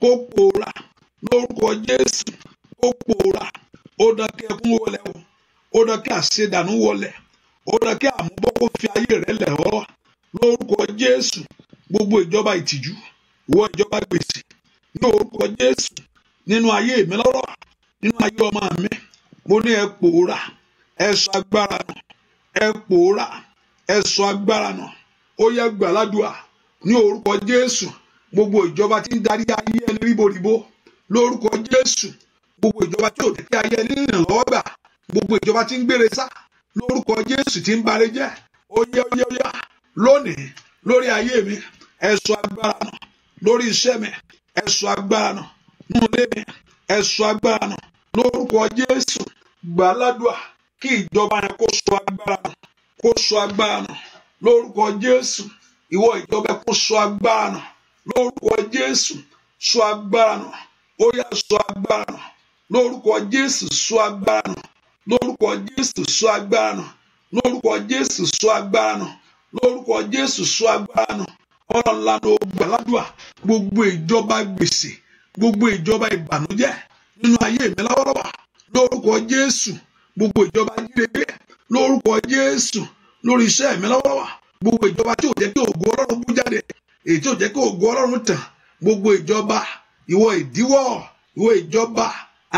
kó pòórá lórúkọ jésù kó pòórá ó rẹ lẹ̀ ọ́ lórúkọ gbogbo ìjọba ìtìjú wọ ìjọba gbèsè ní orúkọ jésù nínú ayé mi nínú ayé ọmọ mi mo ní ẹ ẹ sọ agbára nù. ẹ pòórá ẹ sọ agbára náà ó yẹ gbàládùá ní orúkọ Jésù gbogbo ìjọba tí ń darí ayé ẹni ríboríbo lórúkọ Jésù gbogbo ìjọba tí ò tẹ́ ayé ẹni rìn gbogbo ìjọba tí ń gbére sá lórúkọ Jésù tí ń bare jẹ́ ó yẹ ó lónìí lórí ayé mi ẹ sọ agbára náà lórí iṣẹ́ mi ẹ sọ agbára náà nínú ilé mi ẹ sọ agbára náà lórúkọ Jésù gbàládùá. kí ìjọba yẹn kó so agbára nù kó so agbára nù lórúkọ Jésù ìwọ ìjọba kó so agbára nù lórúkọ Jésù so agbára nù ó yá so agbára nù lórúkọ Jésù so agbára nù lórúkọ Jésù so agbára nù lórúkọ Jésù so agbára nù lórúkọ Jésù so agbára ọ̀rọ̀ ńlá ló gbà ládùúgbà gbogbo ìjọba gbèsè gbogbo ìjọba ìbànújẹ́ nínú ayé mi lọ́wọ́lọ́wọ́ lórúkọ Jésù gbogbo ìjọba jíire lórúkọ Jésù lórí iṣẹ́ mi lọ́wọ́wà gbogbo ìjọba tí ò jẹ́ kí ògo Ọlọ́run bú jáde èyí tí ò jẹ́ kí ògo Ọlọ́run tàn gbogbo ìjọba ìwọ ìdíwọ́ ìwọ ìjọba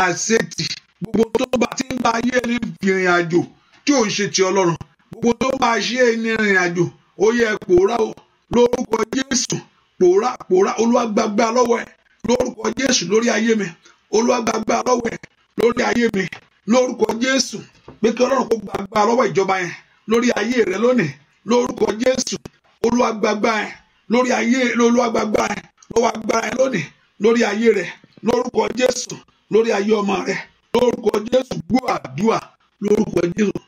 àṣetì gbogbo tó bá ti ń bá ayé ẹni rìnrìn àjò tí ò ń ṣe ti Ọlọ́run gbogbo tó bá ṣe ẹni rìnrìn àjò ó yẹ pòórá o lórúkọ Jésù pòórá pòórá olúwàgbàgbà lọ́wọ́ ẹ lórúkọ Jésù lórí ayé mi olúwàgbàgbà lọ́wọ́ ẹ lórí ayé mi lórúkọ jésù pé kí ọlọ́run kó gba agbára lọ́wọ́ ìjọba yẹn lórí ayé rẹ lónìí lórúkọ jésù olúwa gba agbára yẹn lórí ayé olúwa gba agbára yẹn lọ́wọ́ agbára yẹn lónìí lórí ayé rẹ lórúkọ jésù lórí ayé ọmọ rẹ lórúkọ jésù gbọ́ àdúrà lórúkọ jésù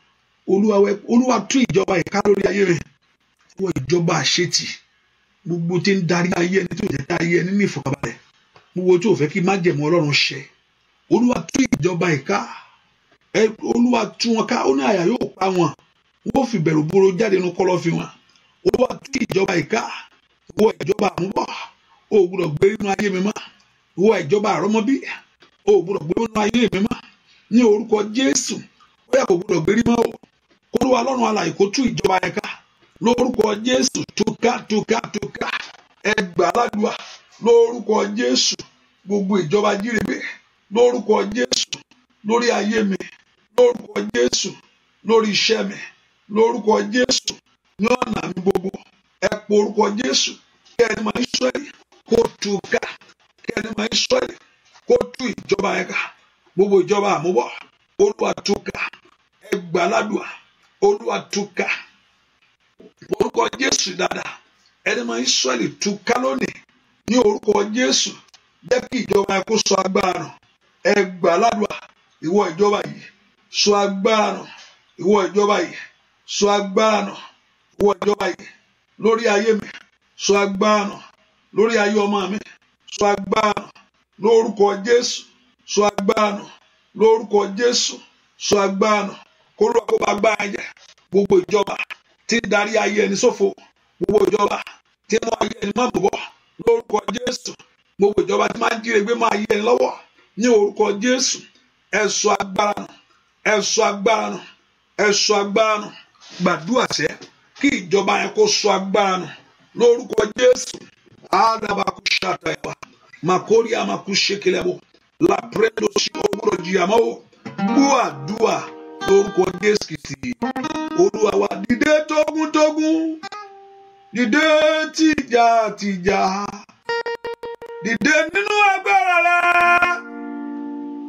olúwa tún ìjọba yẹn ká lórí ayé rẹ wọ ìjọba àṣetì gbogbo tí ń darí ayé ẹni tí ò jẹ́ ká ayé ẹni ní ìfọ̀kàbalẹ̀ gbogbo tí ò fẹ́ kí májẹ̀mú ọlọ́run ṣẹ olúwa tún ìjọba yẹn ká olúwa tú wọn ká ó ní àyà yóò pa wọn wọ́n fi bẹ̀rù boro jáde nu kọ̀lọ̀fín wọn olúwa tú ìjọba ìka wọ ìjọba àmúbọ̀ o gbọ́dọ̀ gbé inú ayé mi mọ́ wọ ìjọba àrọ́mọbí o gbọ́dọ̀ gbé inú ayé mi mọ́ ní orúkọ jésù ó yà kò gbọ́dọ̀ gbérí mọ́ o kóluwa lọ́rùn alàyè kó tú ìjọba ìka lórúkọ jésù túká túká túká ẹgbà aládùá lórúkọ jésù gbogbo ìjọba jírebe lórúkọ jésù lórí ayé mi lórúkọ Jésù lórí iṣẹ́ mi lórúkọ Jésù ní ọ̀nà mi gbogbo ẹ po orúkọ Jésù kí ẹni máa ń sọ yìí kó tú ká kí ẹni máa ń sọ yìí kó tú ìjọba yẹn ká gbogbo ìjọba àmúbọ̀ Olúwa tú ká ẹ gbà ládùá Olúwa tú ká orúkọ Jésù dáadáa ẹni máa ń sọ yìí tú ká lónìí ní orúkọ Jésù jẹ́ kí ìjọba yẹn sọ agbára nù ládùá ìwọ ìjọba yìí sọ agbára nù ìwọ ìjọba yìí sọ agbára nù ìwọ ìjọba yìí lórí ayé mi sọ agbára nù lórí ayé ọmọ mi sọ agbára nù lórúkọ Jésù sọ agbára nù lórúkọ Jésù sọ agbára nù kó lọ kó bá gbá ẹjẹ gbogbo ìjọba tí ń darí ayé ẹni ṣòfò gbogbo ìjọba tí mú ayé ẹni má bọ̀ lórúkọ Jésù gbogbo ìjọba tí máa jíire gbé máa yé ẹni lọ́wọ́ ní orúkọ Jésù ẹ sọ agbára nù ẹ sọ agbára nù ẹ sọ agbára nù gbàdúrà sẹ kí ìjọba yẹn kó sọ agbára nù lórúkọ Jésù àdàbàkú ṣàtàyàwá màkórí àmàkú ṣèkìlẹ̀bọ̀ làpẹ́rẹ́dọ̀ sí òwúrọ̀ jìyàmọ́ gbọ́ àdúrà lórúkọ Jésù kìtì Olúwa wa dìde tógúntógún dìde tìjà tìjà dìde nínú agbára rẹ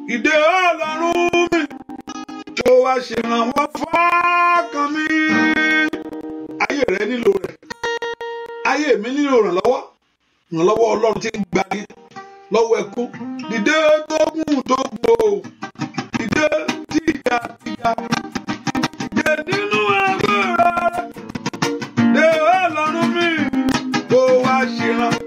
dìde Ọlọ́run mi òjò wa ṣèrànwọ́ fọ́ọ̀kan mi ayé rẹ nílò rẹ ayé mi nílò ìrànlọ́wọ́ ìrànlọ́wọ́ ọlọ́run ti gbani lọ́wọ́ ẹkún dìde tó gùn tó gbò dìde tíga tíga dìde nínú ẹgbẹ́ rẹ dé ọlọ́run mi kó wá ṣèrànwọ́.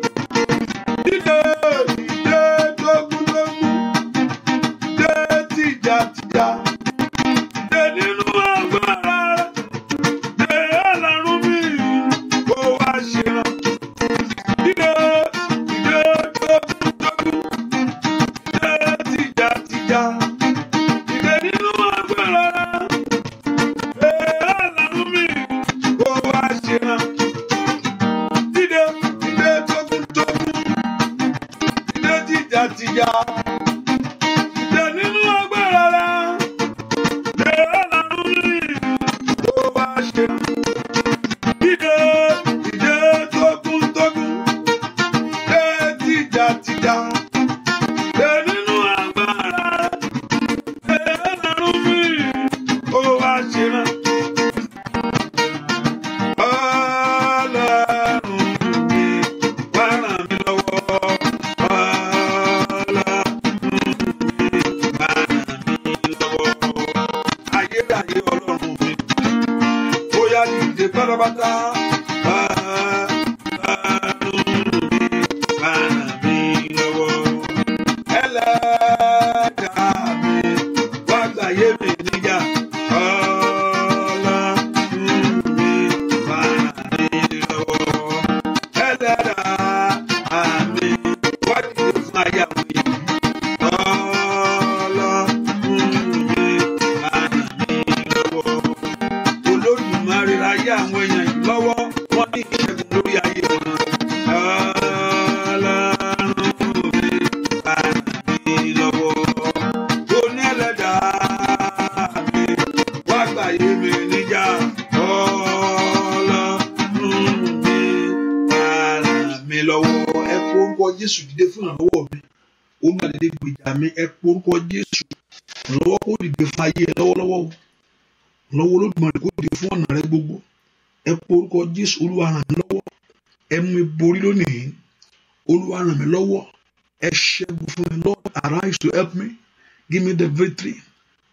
three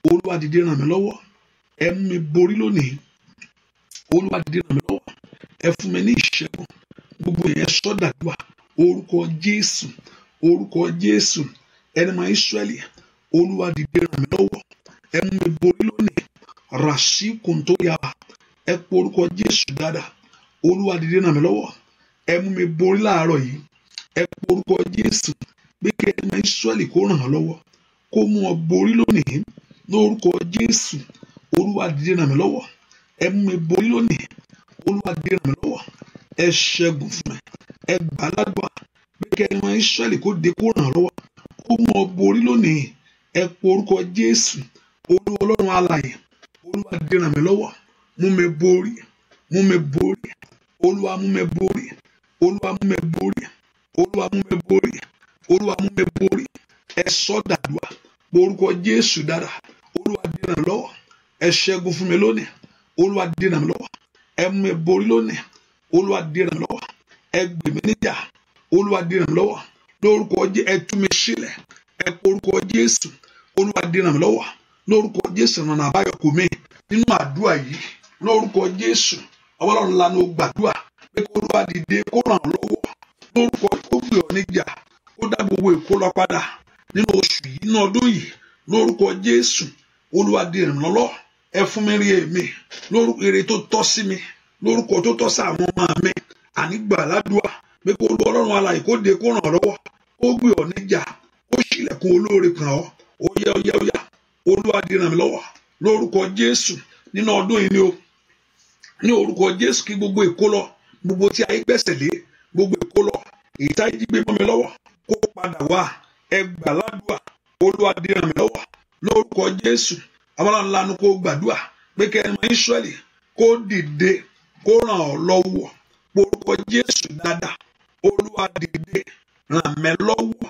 olúwa dìde ràn mí lọ́wọ́ ẹ mú mi borí lónìí olúwa dìde ràn mí lọ́wọ́ ẹ fún mi ní ìṣẹ́gun gbogbo yẹn sọ́dàdúà orúkọ jésù orúkọ jésù ẹni máa ìsírẹ́lì olúwa dìde ràn mí lọ́wọ́ ẹ mú mi borí lónìí rasi kòńtó yaba ẹ pọ orúkọ jésù dáadáa olúwa dìde ràn mí lọ́wọ́ ẹ mú mi borí láàárọ̀ yìí ẹ pọ orúkọ jésù pé ẹni máa ìsírẹ́lì kó ràn án lọ́wọ́ kó mú ọ borí lónìí lórúkọ jésù olúwa dìde ràn mí lọ́wọ́ ẹ mú mi borí lónìí olúwa ràn mí lọ́wọ́ ẹ ṣẹ́gun fún mi ẹ gbà borí lónìí ẹ pọ orúkọ jésù ẹ sọ dàdúrà orúkọ Jésù dára olúwa dènà mi lọ́wọ́ ẹ ṣẹ́gun fún mi lónìí olúwa dènà mi lọ́wọ́ ẹ mú mi borí lónìí olúwa dènà mi ẹ gbè mí níjà olúwa dènà mi lórúkọ Jésù ẹ tú mi ẹ orúkọ Jésù olúwa lórúkọ Jésù kò mí nínú yìí lórúkọ Jésù nínú oṣù yìí nínú ọdún yìí lórúkọ jésù olúwa di ẹ fún mi rí èmi lórúkọ èrè tó tọ́ sí mi lórúkọ tó tọ́ sí àwọn ọmọ mi ànígbà ládùúgbà pé kó lu ọlọ́run alàyè kó de kó ràn ọ́ lọ́wọ́ ó gbé ọ níjà ó ṣílẹ̀kùn olóore kàn ọ́ ó yá ó yá ó yá olúwa di ràn mí lọ́wọ́ lórúkọ jésù nínú ọdún yìí ni o ní orúkọ jésù kí gbogbo èkó lọ gbogbo tí ayé gbẹ̀sẹ̀ lé gbogbo èkó lọ èyí jí gbé mọ́ mi lọ́wọ́ kó padà wá ẹgbà ládùá olúwadìrànmílọ́wọ́ lórúkọ jésù abọ́láńlá ni kò gbàdúà pé kẹrin mọ ìsírẹ́lì kó dìde kó ràn ọ́ lọ́wọ́ porúkọ jésù dáadáa olúwa ràn mí lọ́wọ́ ràn mi lọ́wọ́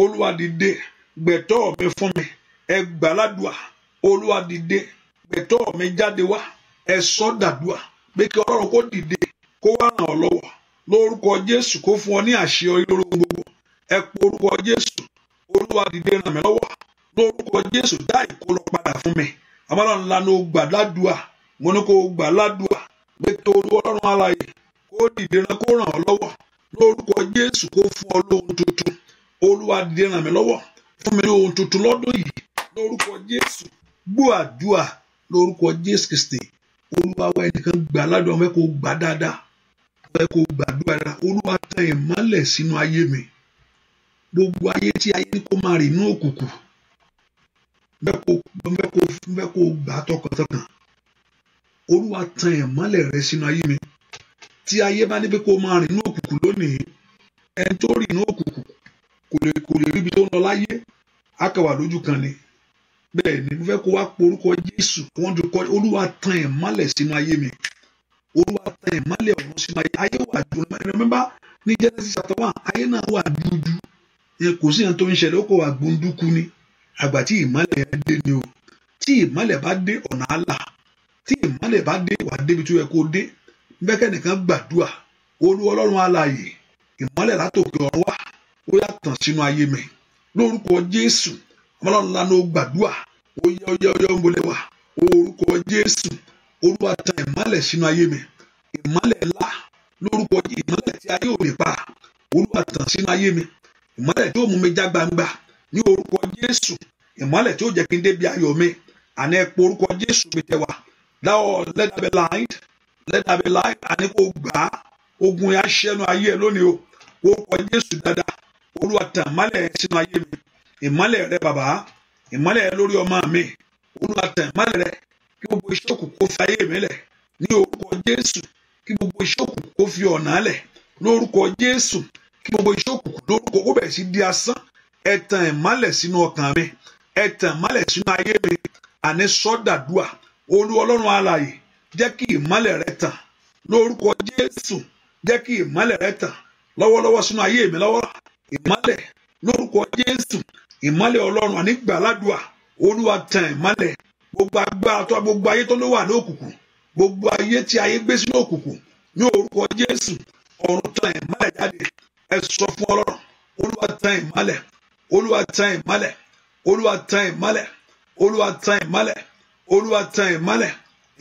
olúwa gbẹ̀tọ́ mi fún mi ẹgbà ládùá lórúkọ Jésù kó fún ọ ní àṣeyọrí lórúkọ gbogbo ẹ pé orúkọ Jésù Olúwa dìde ràn mí lọ́wọ́ lórúkọ Jésù dá ìkólọ padà fún mi àmọ́ra ńlá ni o gbà ládùúà mo ní kó o gbà ládùúà pé tó Ọlọ́run alààyè kó dìde ràn kó ràn ọ́ lọ́wọ́ lórúkọ Jésù kó fún ọ lóhun tuntun Olúwa dìde ràn mí lọ́wọ́ fún mi lóhun tuntun lọ́dún yìí lórúkọ Jésù gbọ́ àdúà lórúkọ Jésù Kristi Olúwa wa ẹnìkan gbà ládùúà mẹ́kọ̀ọ́ gbà dáadáa fẹ́ kó gbàdúrà olúwa tan ìmọ́lẹ̀ sínú ayé mi gbogbo ayé tí ayé ní kó máa rìn ní òkùnkùn bẹ́ẹ̀ kó gbà á tọkàntọkàn olúwa tan ìmọ́lẹ̀ rẹ sínú ayé mi tí ayé bá ní pé kó máa rìn ní òkùnkùn lónìí ẹni tó rìn ní òkùnkùn kò lè kò lè ríbi tó ń lọ láyé á lójú kan ni bẹ́ẹ̀ ni mo fẹ́ kó wá porúkọ Jésù wọ́n dúró kọ́ olúwa tan ìmọ́lẹ̀ sínú ayé mi olúwa tẹ ìmọ́lẹ̀ ọ̀run sínú ayé ayé wà dúdú remember ní Genesis chapter one ayé náà wà dúdú kò sí ẹni tó ń ṣẹlẹ̀ ó kò wà gbóndúkú ni àgbà tí ìmọ́lẹ̀ yẹn dé ni o tí ìmọ́lẹ̀ bá dé ọ̀nà àlà tí ìmọ́lẹ̀ bá dé wà débi tó yẹ kó dé bẹ́kẹ́ nìkan gbàdúrà olúwa ọlọ́run alààyè ìmọ́lẹ̀ látòkè ọ̀run wá ó yà tàn sínú ayé mi lórúkọ jésù ọmọlọ́run lánàá gbàdúrà ó yẹ ó yẹ ń bolẹ̀ wá orúkọ jésù olúwa tan ìmọ́lẹ̀ sínú ayé mi ìmọ́lẹ̀ ńlá lórúkọ ìmọ́lẹ̀ tí ayé ò lè pa olúwa tan sínú ayé mi ìmọ́lẹ̀ tí ó mú mi já gbangba ní orúkọ jésù ìmọ́lẹ̀ tí ó jẹ́ kí n débi ayọ̀ mi àní ẹ pé orúkọ jésù mi tẹwà láwọ let there be light let àní kò gbà á ogun aṣẹ́nu ayé ẹ lónìí o orúkọ jésù dáadáa olúwa tan sínú ayé mi ìmọ́lẹ̀ rẹ bàbá ìmọ́lẹ̀ lórí ọmọ mi olúwa tan rẹ kí gbogbo iṣẹ́ òkùnkùn kó fi ayé mi lẹ̀ ní orúkọ Jésù kí gbogbo iṣẹ́ òkùnkùn kó fi ọ̀nà lẹ̀ lórúkọ Jésù kí gbogbo iṣẹ́ òkùnkùn lórúkọ kó bẹ̀rẹ̀ sí di asán ẹ tàn ìmọ́lẹ̀ sínú ọkàn mi ẹ tàn sínú ayé mi àní sọ́dàdúà olú ọlọ́run alààyè jẹ́ kí ìmọ́lẹ̀ rẹ tàn lórúkọ Jésù jẹ́ kí ìmọ́lẹ̀ rẹ tàn lọ́wọ́lọ́wọ́ sínú ayé mi lọ́wọ́ ìmọ́lẹ̀ lórúkọ Jésù ìmọ́lẹ̀ ọlọ́run àní gbàládùà olúwa tàn ìmọ́lẹ̀ gbogbo agbára tó gbogbo ayé tó ló wà ní òkùnkùn gbogbo ayé tí ayé gbé sínú òkùnkùn ní orúkọ Jésù ọ̀run tan ìmọ́lẹ̀ jáde ẹ sọ fún Ọlọ́run Olúwa tan ìmọ́lẹ̀ Olúwa tan ìmọ́lẹ̀ Olúwa tan ìmọ́lẹ̀ Olúwa tan ìmọ́lẹ̀ Olúwa tan ìmọ́lẹ̀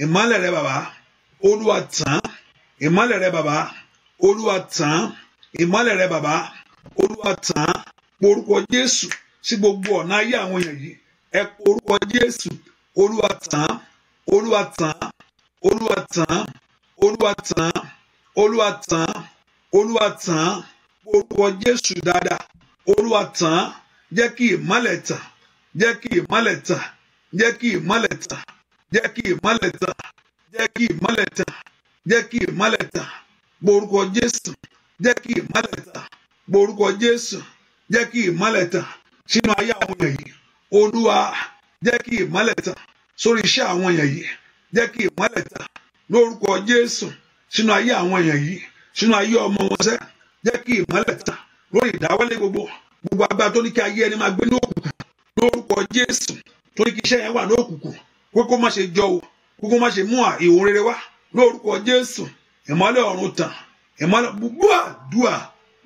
ìmọ́lẹ̀ rẹ bàbá Olúwa tàn ìmọ́lẹ̀ rẹ bàbá Olúwa tàn ìmọ́lẹ̀ rẹ bàbá Olúwa tàn orúkọ Jésù sí gbogbo ọ̀nà ayé àwọn èèyàn yìí ẹ orúkọ Jésù olúwa tàn olúwa tàn olúwa tàn olúwa tàn olúwa tàn olúwa tàn orúkọ jésù dáadáa olúwa tàn jẹ́ kí ìmọ́lẹ̀ tàn jẹ́ kí ìmọ́lẹ̀ tàn jẹ́ kí ìmọ́lẹ̀ tàn jẹ́ kí ìmọ́lẹ̀ tàn jẹ́ kí ìmọ́lẹ̀ tàn jẹ́ kí ìmọ́lẹ̀ tàn gborúkọ jésù jẹ́ kí ìmọ́lẹ̀ tàn gborúkọ jésù jẹ́ kí ìmọ́lẹ̀ tàn sínú ayé àwọn èèyàn yìí jẹ́ kí ìmọ́lẹ̀ tàn sórí iṣẹ́ àwọn èèyàn yìí jẹ́ kí ìmọ́lẹ̀ tàn lórúkọ Jésù sínú ayé àwọn èèyàn yìí sínú ayé ọmọ wọn sẹ́ jẹ́ kí ìmọ́lẹ̀ tàn lórí ìdáwọ́lé gbogbo gbogbo agbára tó ní kí ayé ẹni máa gbé ní òkùnkùn lórúkọ Jésù tó ní kí iṣẹ́ yẹn wà ní òkùnkùn kó kó má ṣe jọ o kó kó má ṣe mú ìhun rere wá lórúkọ Jésù ìmọ́lẹ̀ ọ̀run tàn ìmọ́lẹ̀ gbogbo àdúà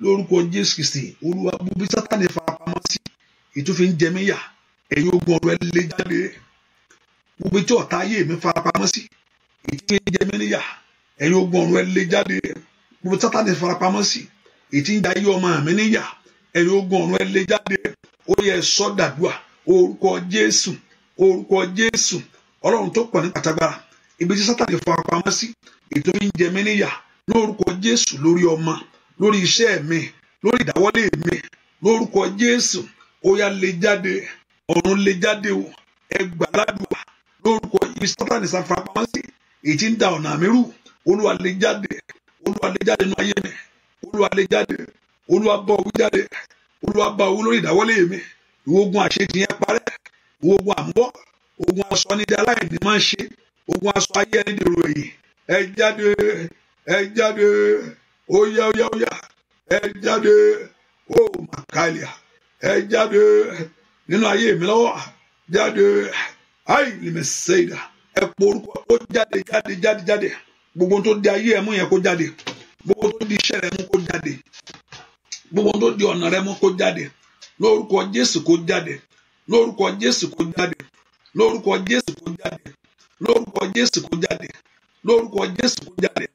lórúkọ Jésù Kristi Olúwa gbogbo Sátánì farapamọ́ sí ìtúfin jẹmíyà ẹ̀yin ogun ọ̀rọ̀ ẹ lè jáde gbogbo tí ọ̀tá ayé mi farapamọ́ sí ètí ń jẹ mí níyà ẹ̀yin ogun ọ̀rọ̀ ẹ lè jáde gbogbo tí sátani farapamọ́ sí ètí ń jẹ ayé ọmọ mi níyà ẹ̀yin ogun ọ̀rọ̀ ẹ lè jáde ó yẹ sọ́dàdúà orúkọ Jésù orúkọ Jésù ọlọ́run tó pọ̀ ní pàtàgbára ibi tí sátani farapamọ́ sí ètò ń jẹ mí níyà lórúkọ Jésù lórí ọmọ lórí iṣẹ́ mi lórí ìdáwọ́lé mi lórúkọ Jésù ó yá lè jáde ọ̀run lè jáde o ẹgbà ládùúgbà lórúkọ ibi sátani sàfarapamọ́sí èyí tí ń da ọ̀nà àmì rú olúwa lè jáde olúwa lè jáde nínú ayé mi olúwa lè jáde olúwa bá owó jáde olúwa bá owó lórí ìdáwọ́lé mi ìwọ ogun àṣetì yẹn parẹ́ ìwọ ogun ogun aṣọ nídìí aláìní máa ń ṣe ogun aṣọ ayé ẹni dèrò èyí ẹ jáde ẹ jáde óyá óyá óyá ẹ jáde ó màkàlíà ẹ jáde nínú ayé mi lọ́wọ́ jáde ayi lè mi ṣe ìdá ẹ po orúkọ kó jáde jáde jáde jáde gbogbo tó di ayé ẹ mú yẹn kó jáde gbogbo tó di iṣẹ́ rẹ mú kó jáde gbogbo tó di ọ̀nà rẹ mú kó jáde lórúkọ Jésù kó jáde lórúkọ Jésù kó jáde lórúkọ Jésù kó jáde lórúkọ Jésù kó jáde lórúkọ Jésù kó jáde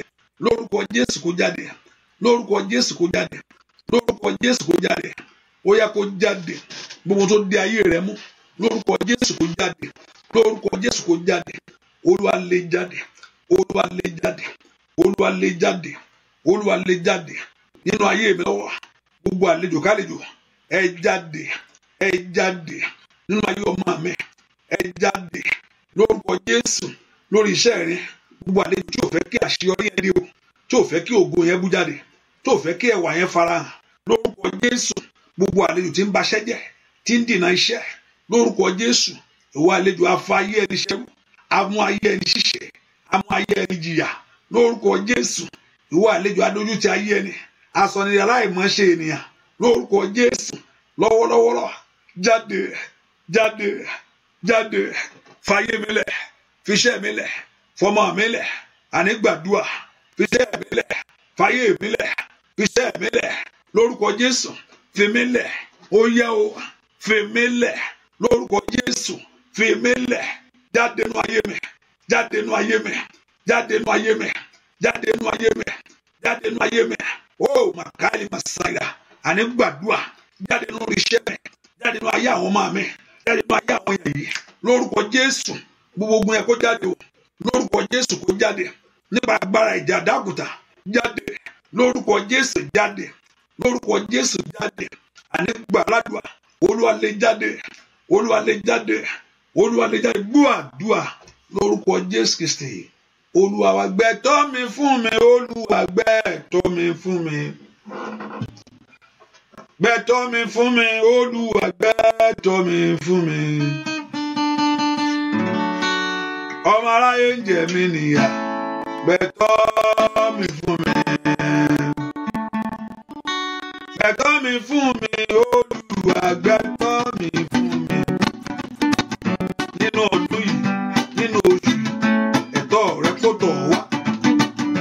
lórúkọ Jésù kó jáde lórúkọ Jésù kó jáde lórúkọ Jésù kó jáde ó yá kó jáde gbogbo tó di ayé rẹ mú lórúkọ jésù kó jáde lórúkọ jésù kó jáde olúwa lé jáde olúwa lé jáde olúwa lé jáde olúwa lé jáde nínú ayé mi lọ́wọ́ gbogbo àlejò kálejò ẹ jáde ẹ jáde nínú ayé ọmọ mi ẹ jáde lórúkọ jésù lórí iṣẹ́ rẹ gbogbo àlejò tí ò fẹ́ kí àṣeyọrí yẹn dé o tí ò fẹ́ kí ògo yẹn bú jáde tí ò fẹ́ kí ẹwà yẹn farahàn lórúkọ jésù gbogbo àlejò tí ń baṣẹ́ jẹ́ tí ń dènà iṣẹ́ lórúkọ Jésù ìwọ àlejò afa ayé ẹni ṣẹ́rú amú ayé ẹni ṣiṣẹ́ amú ayé ẹni jìyà lórúkọ Jésù ìwọ àlejò adójútì ayé ẹni asọ̀nìyàn aláìmọ̀ṣe ènìyàn lórúkọ Jésù lọ́wọ́lọ́wọ́lọ́ jáde jáde jáde fàyè mi fiṣẹ́ mi fọmọ mi lẹ̀ fiṣẹ́ mi fàyè mi fiṣẹ́ mi lórúkọ Jésù fèmí lẹ̀ ó yá o fèmí lẹ̀ lórúkọ Jésù fèmí lẹ̀ jáde nínú ayé mi jáde nínú ayé mi jáde nínú ayé mi jáde nínú ayé mi jáde nínú ayé mi ó màkàlì màsáyà àní gbàdúrà jáde nínú iṣẹ́ mi jáde nínú ayé àwọn ọmọ mi jáde nínú ayé àwọn èèyàn yìí lórúkọ Jésù gbogbo yẹn kó jáde o lórúkọ Jésù kó jáde nípa agbára ìjà dákùtà jáde lórúkọ Jésù jáde lórúkọ Jésù jáde ànígbà aládùá Olúwa lè jáde Olúwa lè jáde Olúwa lè jáde gbọ́ àdúà lórúkọ Jésù Kristi Olúwa wa gbẹ̀tọ́ mi fún mi Olúwa gbẹ̀tọ́ mi fún mi gbẹ̀tọ́ mi fún mi Olúwa gbẹ̀tọ́ mi fún mi ọmọ aráyé ń jẹ mí nìyà gbẹ̀tọ́ mi fún mi ẹ̀kọ́ mi fún mi olùwàgbẹ́kọ́ mi fún mi nínú ọdún yìí nínú oṣù yìí ẹ̀tọ́ rẹ kò tọ̀ wá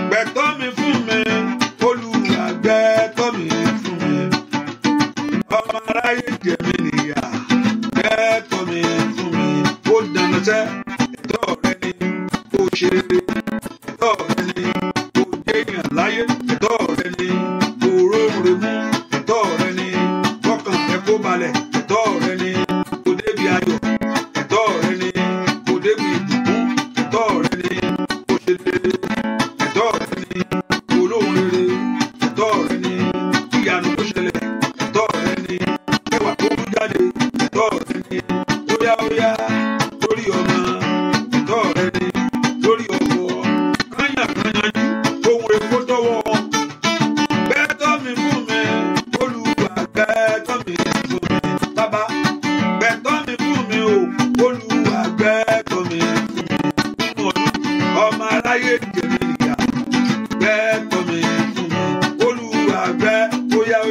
gbẹ̀kọ́ mi fún mi olùwàgbẹ́kọ́ mi fún mi ọmọ aráyé jẹ mí nìyà gbẹ́kọ́ mi fún mi ó dáná sẹ́ ẹ̀tọ́ rẹ ni ó ṣe é.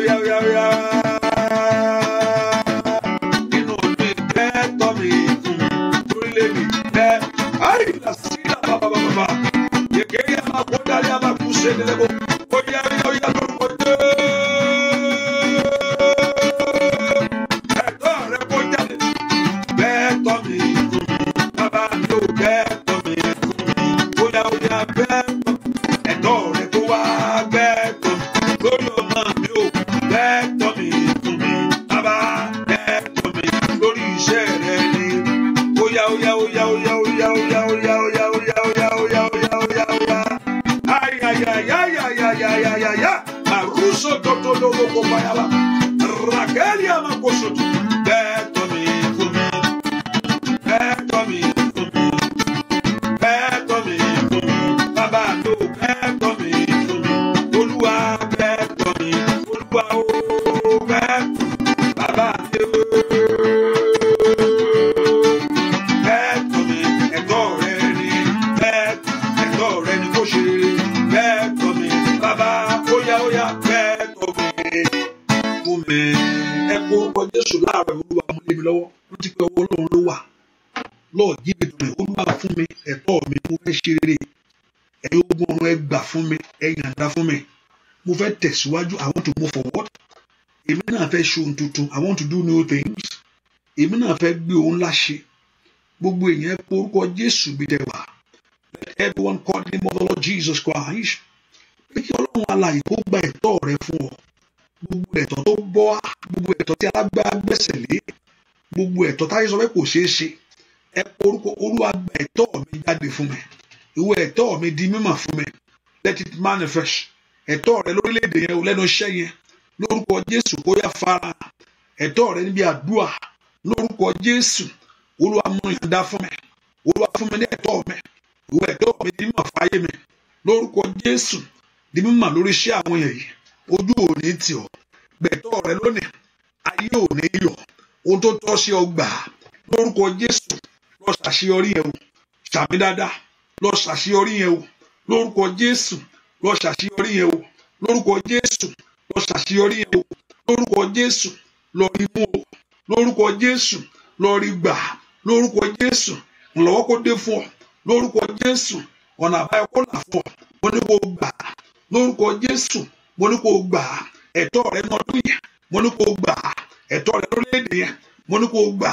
yeah, yeah, yeah. tẹ̀síwájú I want to move forward èmi náà fẹ́ ṣe ohun tuntun I want to do new things èmi náà fẹ́ gbé ohun ńlá ṣe gbogbo èèyàn orúkọ Jésù bí tẹ let everyone call the name of the Lord Jesus Christ pé kí Ọlọ́run alààyè kó gba ẹ̀tọ́ rẹ fún ọ gbogbo ẹ̀tọ́ tó bọ́ gbogbo ẹ̀tọ́ tí alágbára gbẹ̀sẹ̀ lé gbogbo ẹ̀tọ́ táyé sọ pé kò ṣeé ṣe ẹ orúkọ Olúwa gba ẹ̀tọ́ mi jáde fún mi ìwọ ẹ̀tọ́ mi di mímọ̀ fún mi let it manifest ẹ̀tọ́ rẹ lórílẹ̀‐èdè yẹn o lẹ́nu iṣẹ́ yẹn lórúkọ Jésù kó yá fara ẹ̀tọ́ rẹ níbi àdúrà lórúkọ Jésù Olúwa mú ìyọ̀ǹda fún mi Olúwa fún mi ní ẹ̀tọ́ mi ìwọ ẹ̀tọ́ mi ní mọ̀ fáyé mi lórúkọ Jésù ní mímọ̀ lórí iṣẹ́ àwọn èèyàn yìí ojú ò ní tì ọ́ gbẹ̀tọ́ rẹ lónìí ayé ò ní yọ̀ ohun tó tọ́ sí ọ gbà á lórúkọ Jésù lọ ṣàṣeyọrí yẹn o ṣàmì dáadáa lọ ṣàṣeyọrí yẹn o lórúkọ Jésù lọ ṣàṣeyọrí yẹn o lórúkọ jésù lọ ṣàṣeyọrí yẹn o lórúkọ jésù lọ rí mú o lórúkọ jésù lọ rí gbà lórúkọ jésù ńlọwọ kó dé fún ọ lórúkọ jésù ọ̀nà àbáyọ kó là fún ọ mo ní kó gbà lórúkọ jésù mo ní kó gbà ẹ̀tọ́ rẹ nọdún yẹn mo ní kó gbà ẹ̀tọ́ rẹ lórílẹ̀ yẹn mo ní kó gbà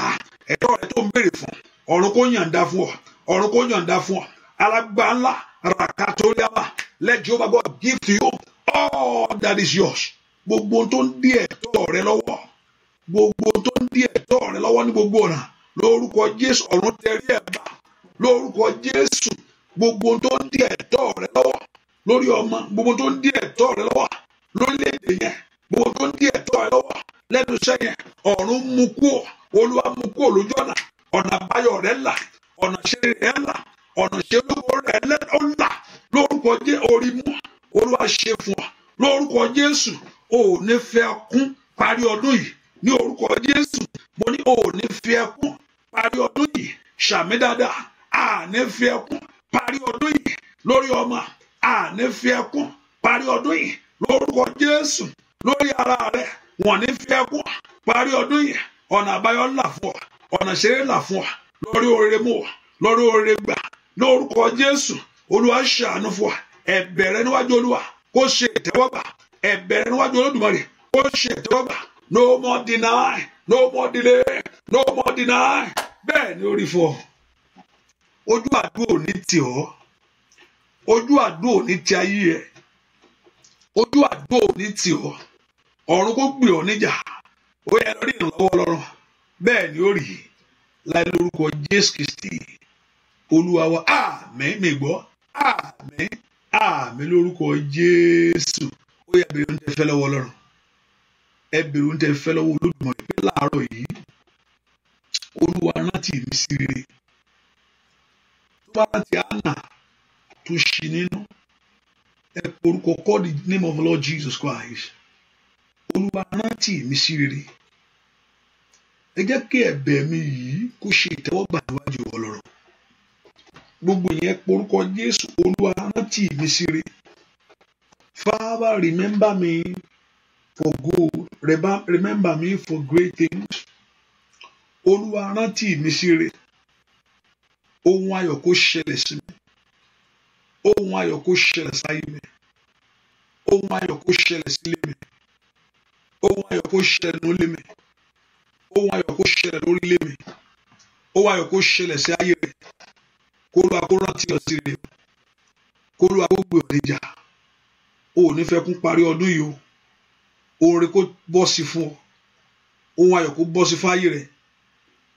ẹ̀tọ́ rẹ tó ń béèrè fún ọ̀run kó yàǹda fún ọ ọ̀run kó yàǹda fún ọ alágbá ńlá ràkàtó yàrá let Jehovah God give to you all that is yours gbogbo tó ń dí ẹ̀tọ́ rẹ lọ́wọ́ gbogbo tó ń dí ẹ̀tọ́ rẹ lọ́wọ́ ní gbogbo ọ̀nà lórúkọ Jésù ọ̀run tẹrí ẹ̀ bá lórúkọ Jésù gbogbo tó ń dí ẹ̀tọ́ rẹ lọ́wọ́ lórí ọmọ gbogbo tó ń dí ẹ̀tọ́ rẹ lọ́wọ́ lórílẹ̀ yẹn gbogbo tó ń dí ẹ̀tọ́ rẹ lọ́wọ́ lẹ́nu iṣẹ́ yẹn ọ̀run mú kúọ̀ olúwa mú kúọ̀ lójú ọ̀nà ọ̀nà àbáyọ rẹ là ọ̀nà ṣe rẹ là ọ̀nà ṣe lọ́wọ́ rẹ̀ lọ́la lórúkọ jẹ́ orí mú olúwa ṣe fún wa lórúkọ jésù ò ní fẹ́ kún parí ọdún yìí ní orúkọ jésù mo ní ò ní fẹ́ kún parí ọdún yìí ṣàmì dáadáa à ní fẹ́ kún parí ọdún yìí lórí ọmọ à ní fẹ́ kún parí ọdún yìí lórúkọ jésù lórí ara rẹ wọn ní fẹ́ kún parí ọdún yìí ọ̀nà àbáyọ ńlá fún wa ọ̀nà ṣeré ńlá fún wa lórí oore mú wa lórí oore gbà lórúkọ jésù olúwa ṣàánú fún wa ẹ̀bẹ̀ rẹ níwájú olúwa kó ṣe ìtẹ́wọ́gbà ẹ̀bẹ̀ rẹ níwájú olódùmarè kó ṣe ìtẹ́wọ́gbà no more deny no more delay no more deny bẹ́ẹ̀ ni ó rí fún ọ ojú àdúrà ní tì ọ́ ojú àdúrà ní ti ayé ẹ ojú àdúrà ní tì ọ ọ̀run kó gbè níjà ó yẹ lórí bẹ́ẹ̀ ni ó rí láì lórúkọ jésù kristi. olúwa wa àmín mi gbọ́ àmín àmín lórúkọ jésù ó yá bèrè oúnjẹ fẹ́ lọ́wọ́ ọlọ́run ẹ bèrè oúnjẹ fẹ́ lọ́wọ́ olódùmarè pé láàárọ̀ yìí olúwa rántí mi sí rere tó bá rántí àná tó ṣì nínú ẹ porúkọ call the name of Lord Jesus Christ olúwa rántí mi sí rere ẹ jẹ́ kí ẹ̀bẹ̀ mi yìí kó ṣe ìtẹ́wọ́gbà níwájú ọlọ́run gbogbo yẹn porúkọ Jésù Olúwa rántí mi síre Father remember me for good remember me for great things Olúwa rántí mi síre ohun ayọ̀ kó ṣẹlẹ̀ sí mi ohun ayọ̀ kó ṣẹlẹ̀ sáyé mi ohun ayọ̀ kó ṣẹlẹ̀ sílé mi ohun ayọ̀ kó ṣẹlẹ̀ nílé mi ohun ayọ̀ kó ṣẹlẹ̀ lórílẹ̀ mi ohun ayọ̀ kó ṣẹlẹ̀ sí ayé rẹ̀ kólu akórántí ọtí rẹ kólu akógbè òdìjà o ò ní fẹ́ kún parí ọdún yìí o orin kó bọ́ sí fún ọ ohun ayọ̀ kó bọ́ sí fáyé rẹ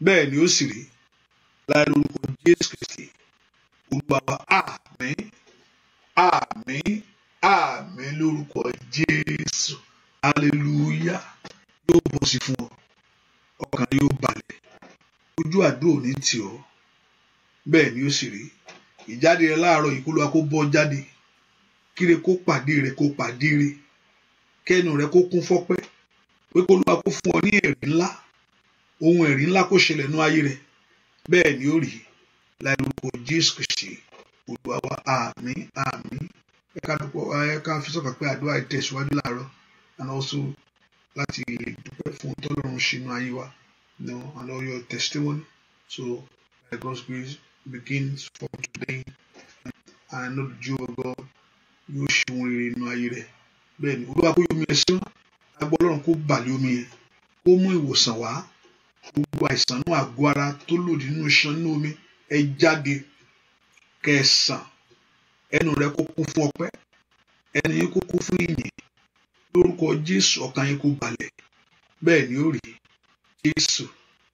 bẹ́ẹ̀ ni ó sì rí láì lórúkọ Jésù Kristi olùgbàwà àmín àmín àmín lórúkọ Jésù hallelujah yóò bọ́ sí fún ọ ọkàn yóò balẹ̀ ojú àdúrà ò tì ọ́ bẹ́ẹ̀ ni ó sì rí ìjáde rẹ láàárọ̀ ìkúlùwà kó bọ́ jáde kíre kó pàdé rẹ kó pàdé rẹ kẹ́nu rẹ kó kún fọ́pẹ́ pé kó lùwà kó fún ọ ní ẹ̀rí ńlá ohun ẹ̀rí ńlá kó ṣẹlẹ̀ nú ayé rẹ bẹ́ẹ̀ ni ó rí láì lórúkọ Jésù Kristi Olúwa wa àmín àmín ẹ ká dúpọ̀ ẹ ká fi sọ̀kà pé àdúrà ìtẹ̀síwájú láàárọ̀ and also láti lè dúpẹ́ fún tọ́lọ́run ṣínú ayé wa you know and all your testimony so by God's grace begins for today and I know the Jew of God yóò ṣe ohun rere nínú ayé rẹ bẹ́ẹ̀ ni olúwa kó yomi ẹ sán agbọ́ ọlọ́run kó bàlẹ̀ omi yẹn kó mú ìwòsàn wá gbogbo àìsàn náà àgọ́ ara tó lòdì nínú iṣan nínú omi ẹ jáde kẹsàn ẹnu rẹ kó kún fún ọpẹ́ ẹnu yín kó kún fún ìyìn lórúkọ jésù ọkàn yín kó balẹ̀ bẹ́ẹ̀ ni ó rí jésù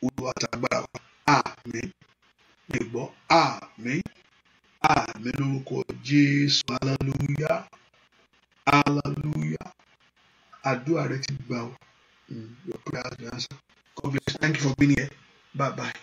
olúwa tàgbára wa àmín lè gbọ́ àmín àmín lórúkọ Jésù hallelujah hallelujah àdúrà rẹ ti gbà ó hmm, your prayer has been answered God bless you thank you for being here bye bye.